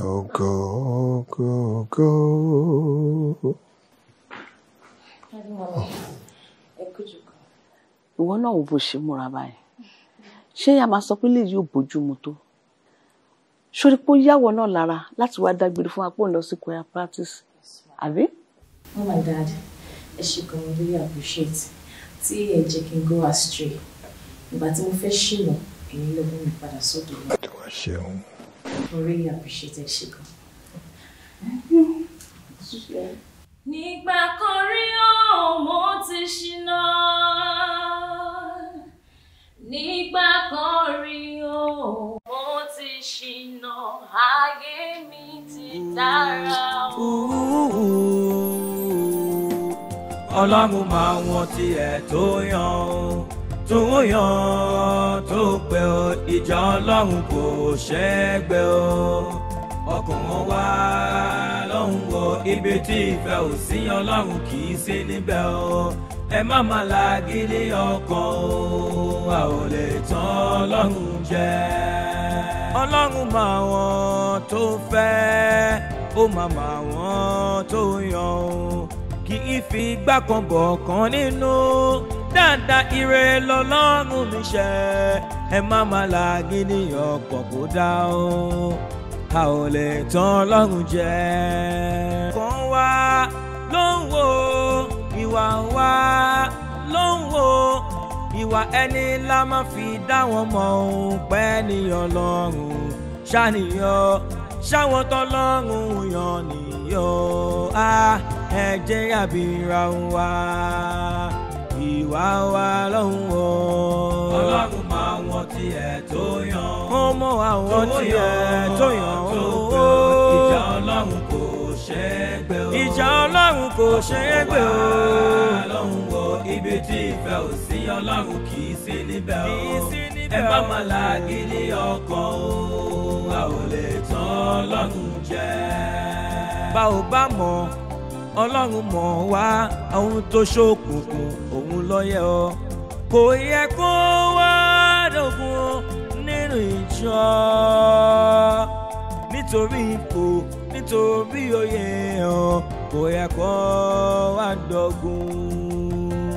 Oh, go, go, go. Ìwọ náà wo bó ṣe múra báyìí. Ṣé a máa sọ pé lè yóò bójúmu tó? Ṣorí pé ó yáwọ̀ náà lára láti wá dágbére fún apó lọ sí choir practice. Àbí? Oh my dad, ẹ ṣe kan mo really appreciate tí ẹ jẹ́ kí n go astray. Ìgbà tí mo fẹ́ ṣìnà ẹ̀yin ló mú mi padà sọ́dọ̀ mi. àti wá ṣeun. mo really ṣe gan. nígbà kan rí ọmọ ti ṣìnà nígbà kan rí ọmọ ti ṣìnà ayé mi ti dára o ọlọ́run máa wọn tiẹ̀ tó yàn ó tó yàn tó pẹ́ ọ ìjà ọlọ́run kò ṣẹ́gbẹ́ ọ ọkàn wọn wá lọ́hùn wọ ibi tí ìfẹ́ ò sí ọlọ́run kì í sí níbẹ̀ ọ ẹ má má la ọkàn o a ò lè tán ọlọ́run jẹ. ọlọ́run mà wọ́n tó fẹ́ ó mà mà wọ́n tó yàn o kì í fi igbá kan bọ̀ kan nínú. No Dada ire lọ́lọ́run mi ṣe ẹ má má làgídí ọkọ̀ kó dá o a ò lè tán ọlọ́run jẹ. kan wá ló ń wo ìwà wá ló ń wo ìwà ẹni la máa fi dá wọn mọ̀ òun pẹ́ níyàn lọ́rùn ṣàníyàn ṣáwọn tọ́lọ́run yàn nìyàn á ẹ jẹ́ àbí ra wa ìwà wa lọ́hùn o. ọlọ́run mọ àwọn tiẹ̀ tó yàn. ó mọ àwọn tiẹ̀ tó yàn o. ìjà ọlọ́run kò ṣe é gbé o. ìjà ọlọ́run kò ṣe é gbé o. ọlọ́run wo ibi tí ìfẹ́ ò sí ọlọ́run kì í sí níbẹ̀ o. kì í sí níbẹ̀ o. ẹ bá máa làgídí ọkàn o. a ò lè tán ọlọ́run jẹ. bá o bá mọ̀ ọlọ́run mọ̀ wá ohun tó ṣókùnkùn òun lọ́yẹ̀ ọ kò yẹ kó wá dògùn nínú ìjọ nítorí ipò nítorí oyè ọ kò yẹ kó wá dògùn.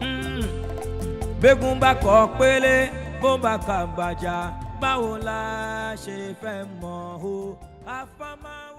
Hmm. gbégun bá kọ́ pélé bó bá kà bàjá báwo la ṣe fẹ́ mọ̀ o àfàmà.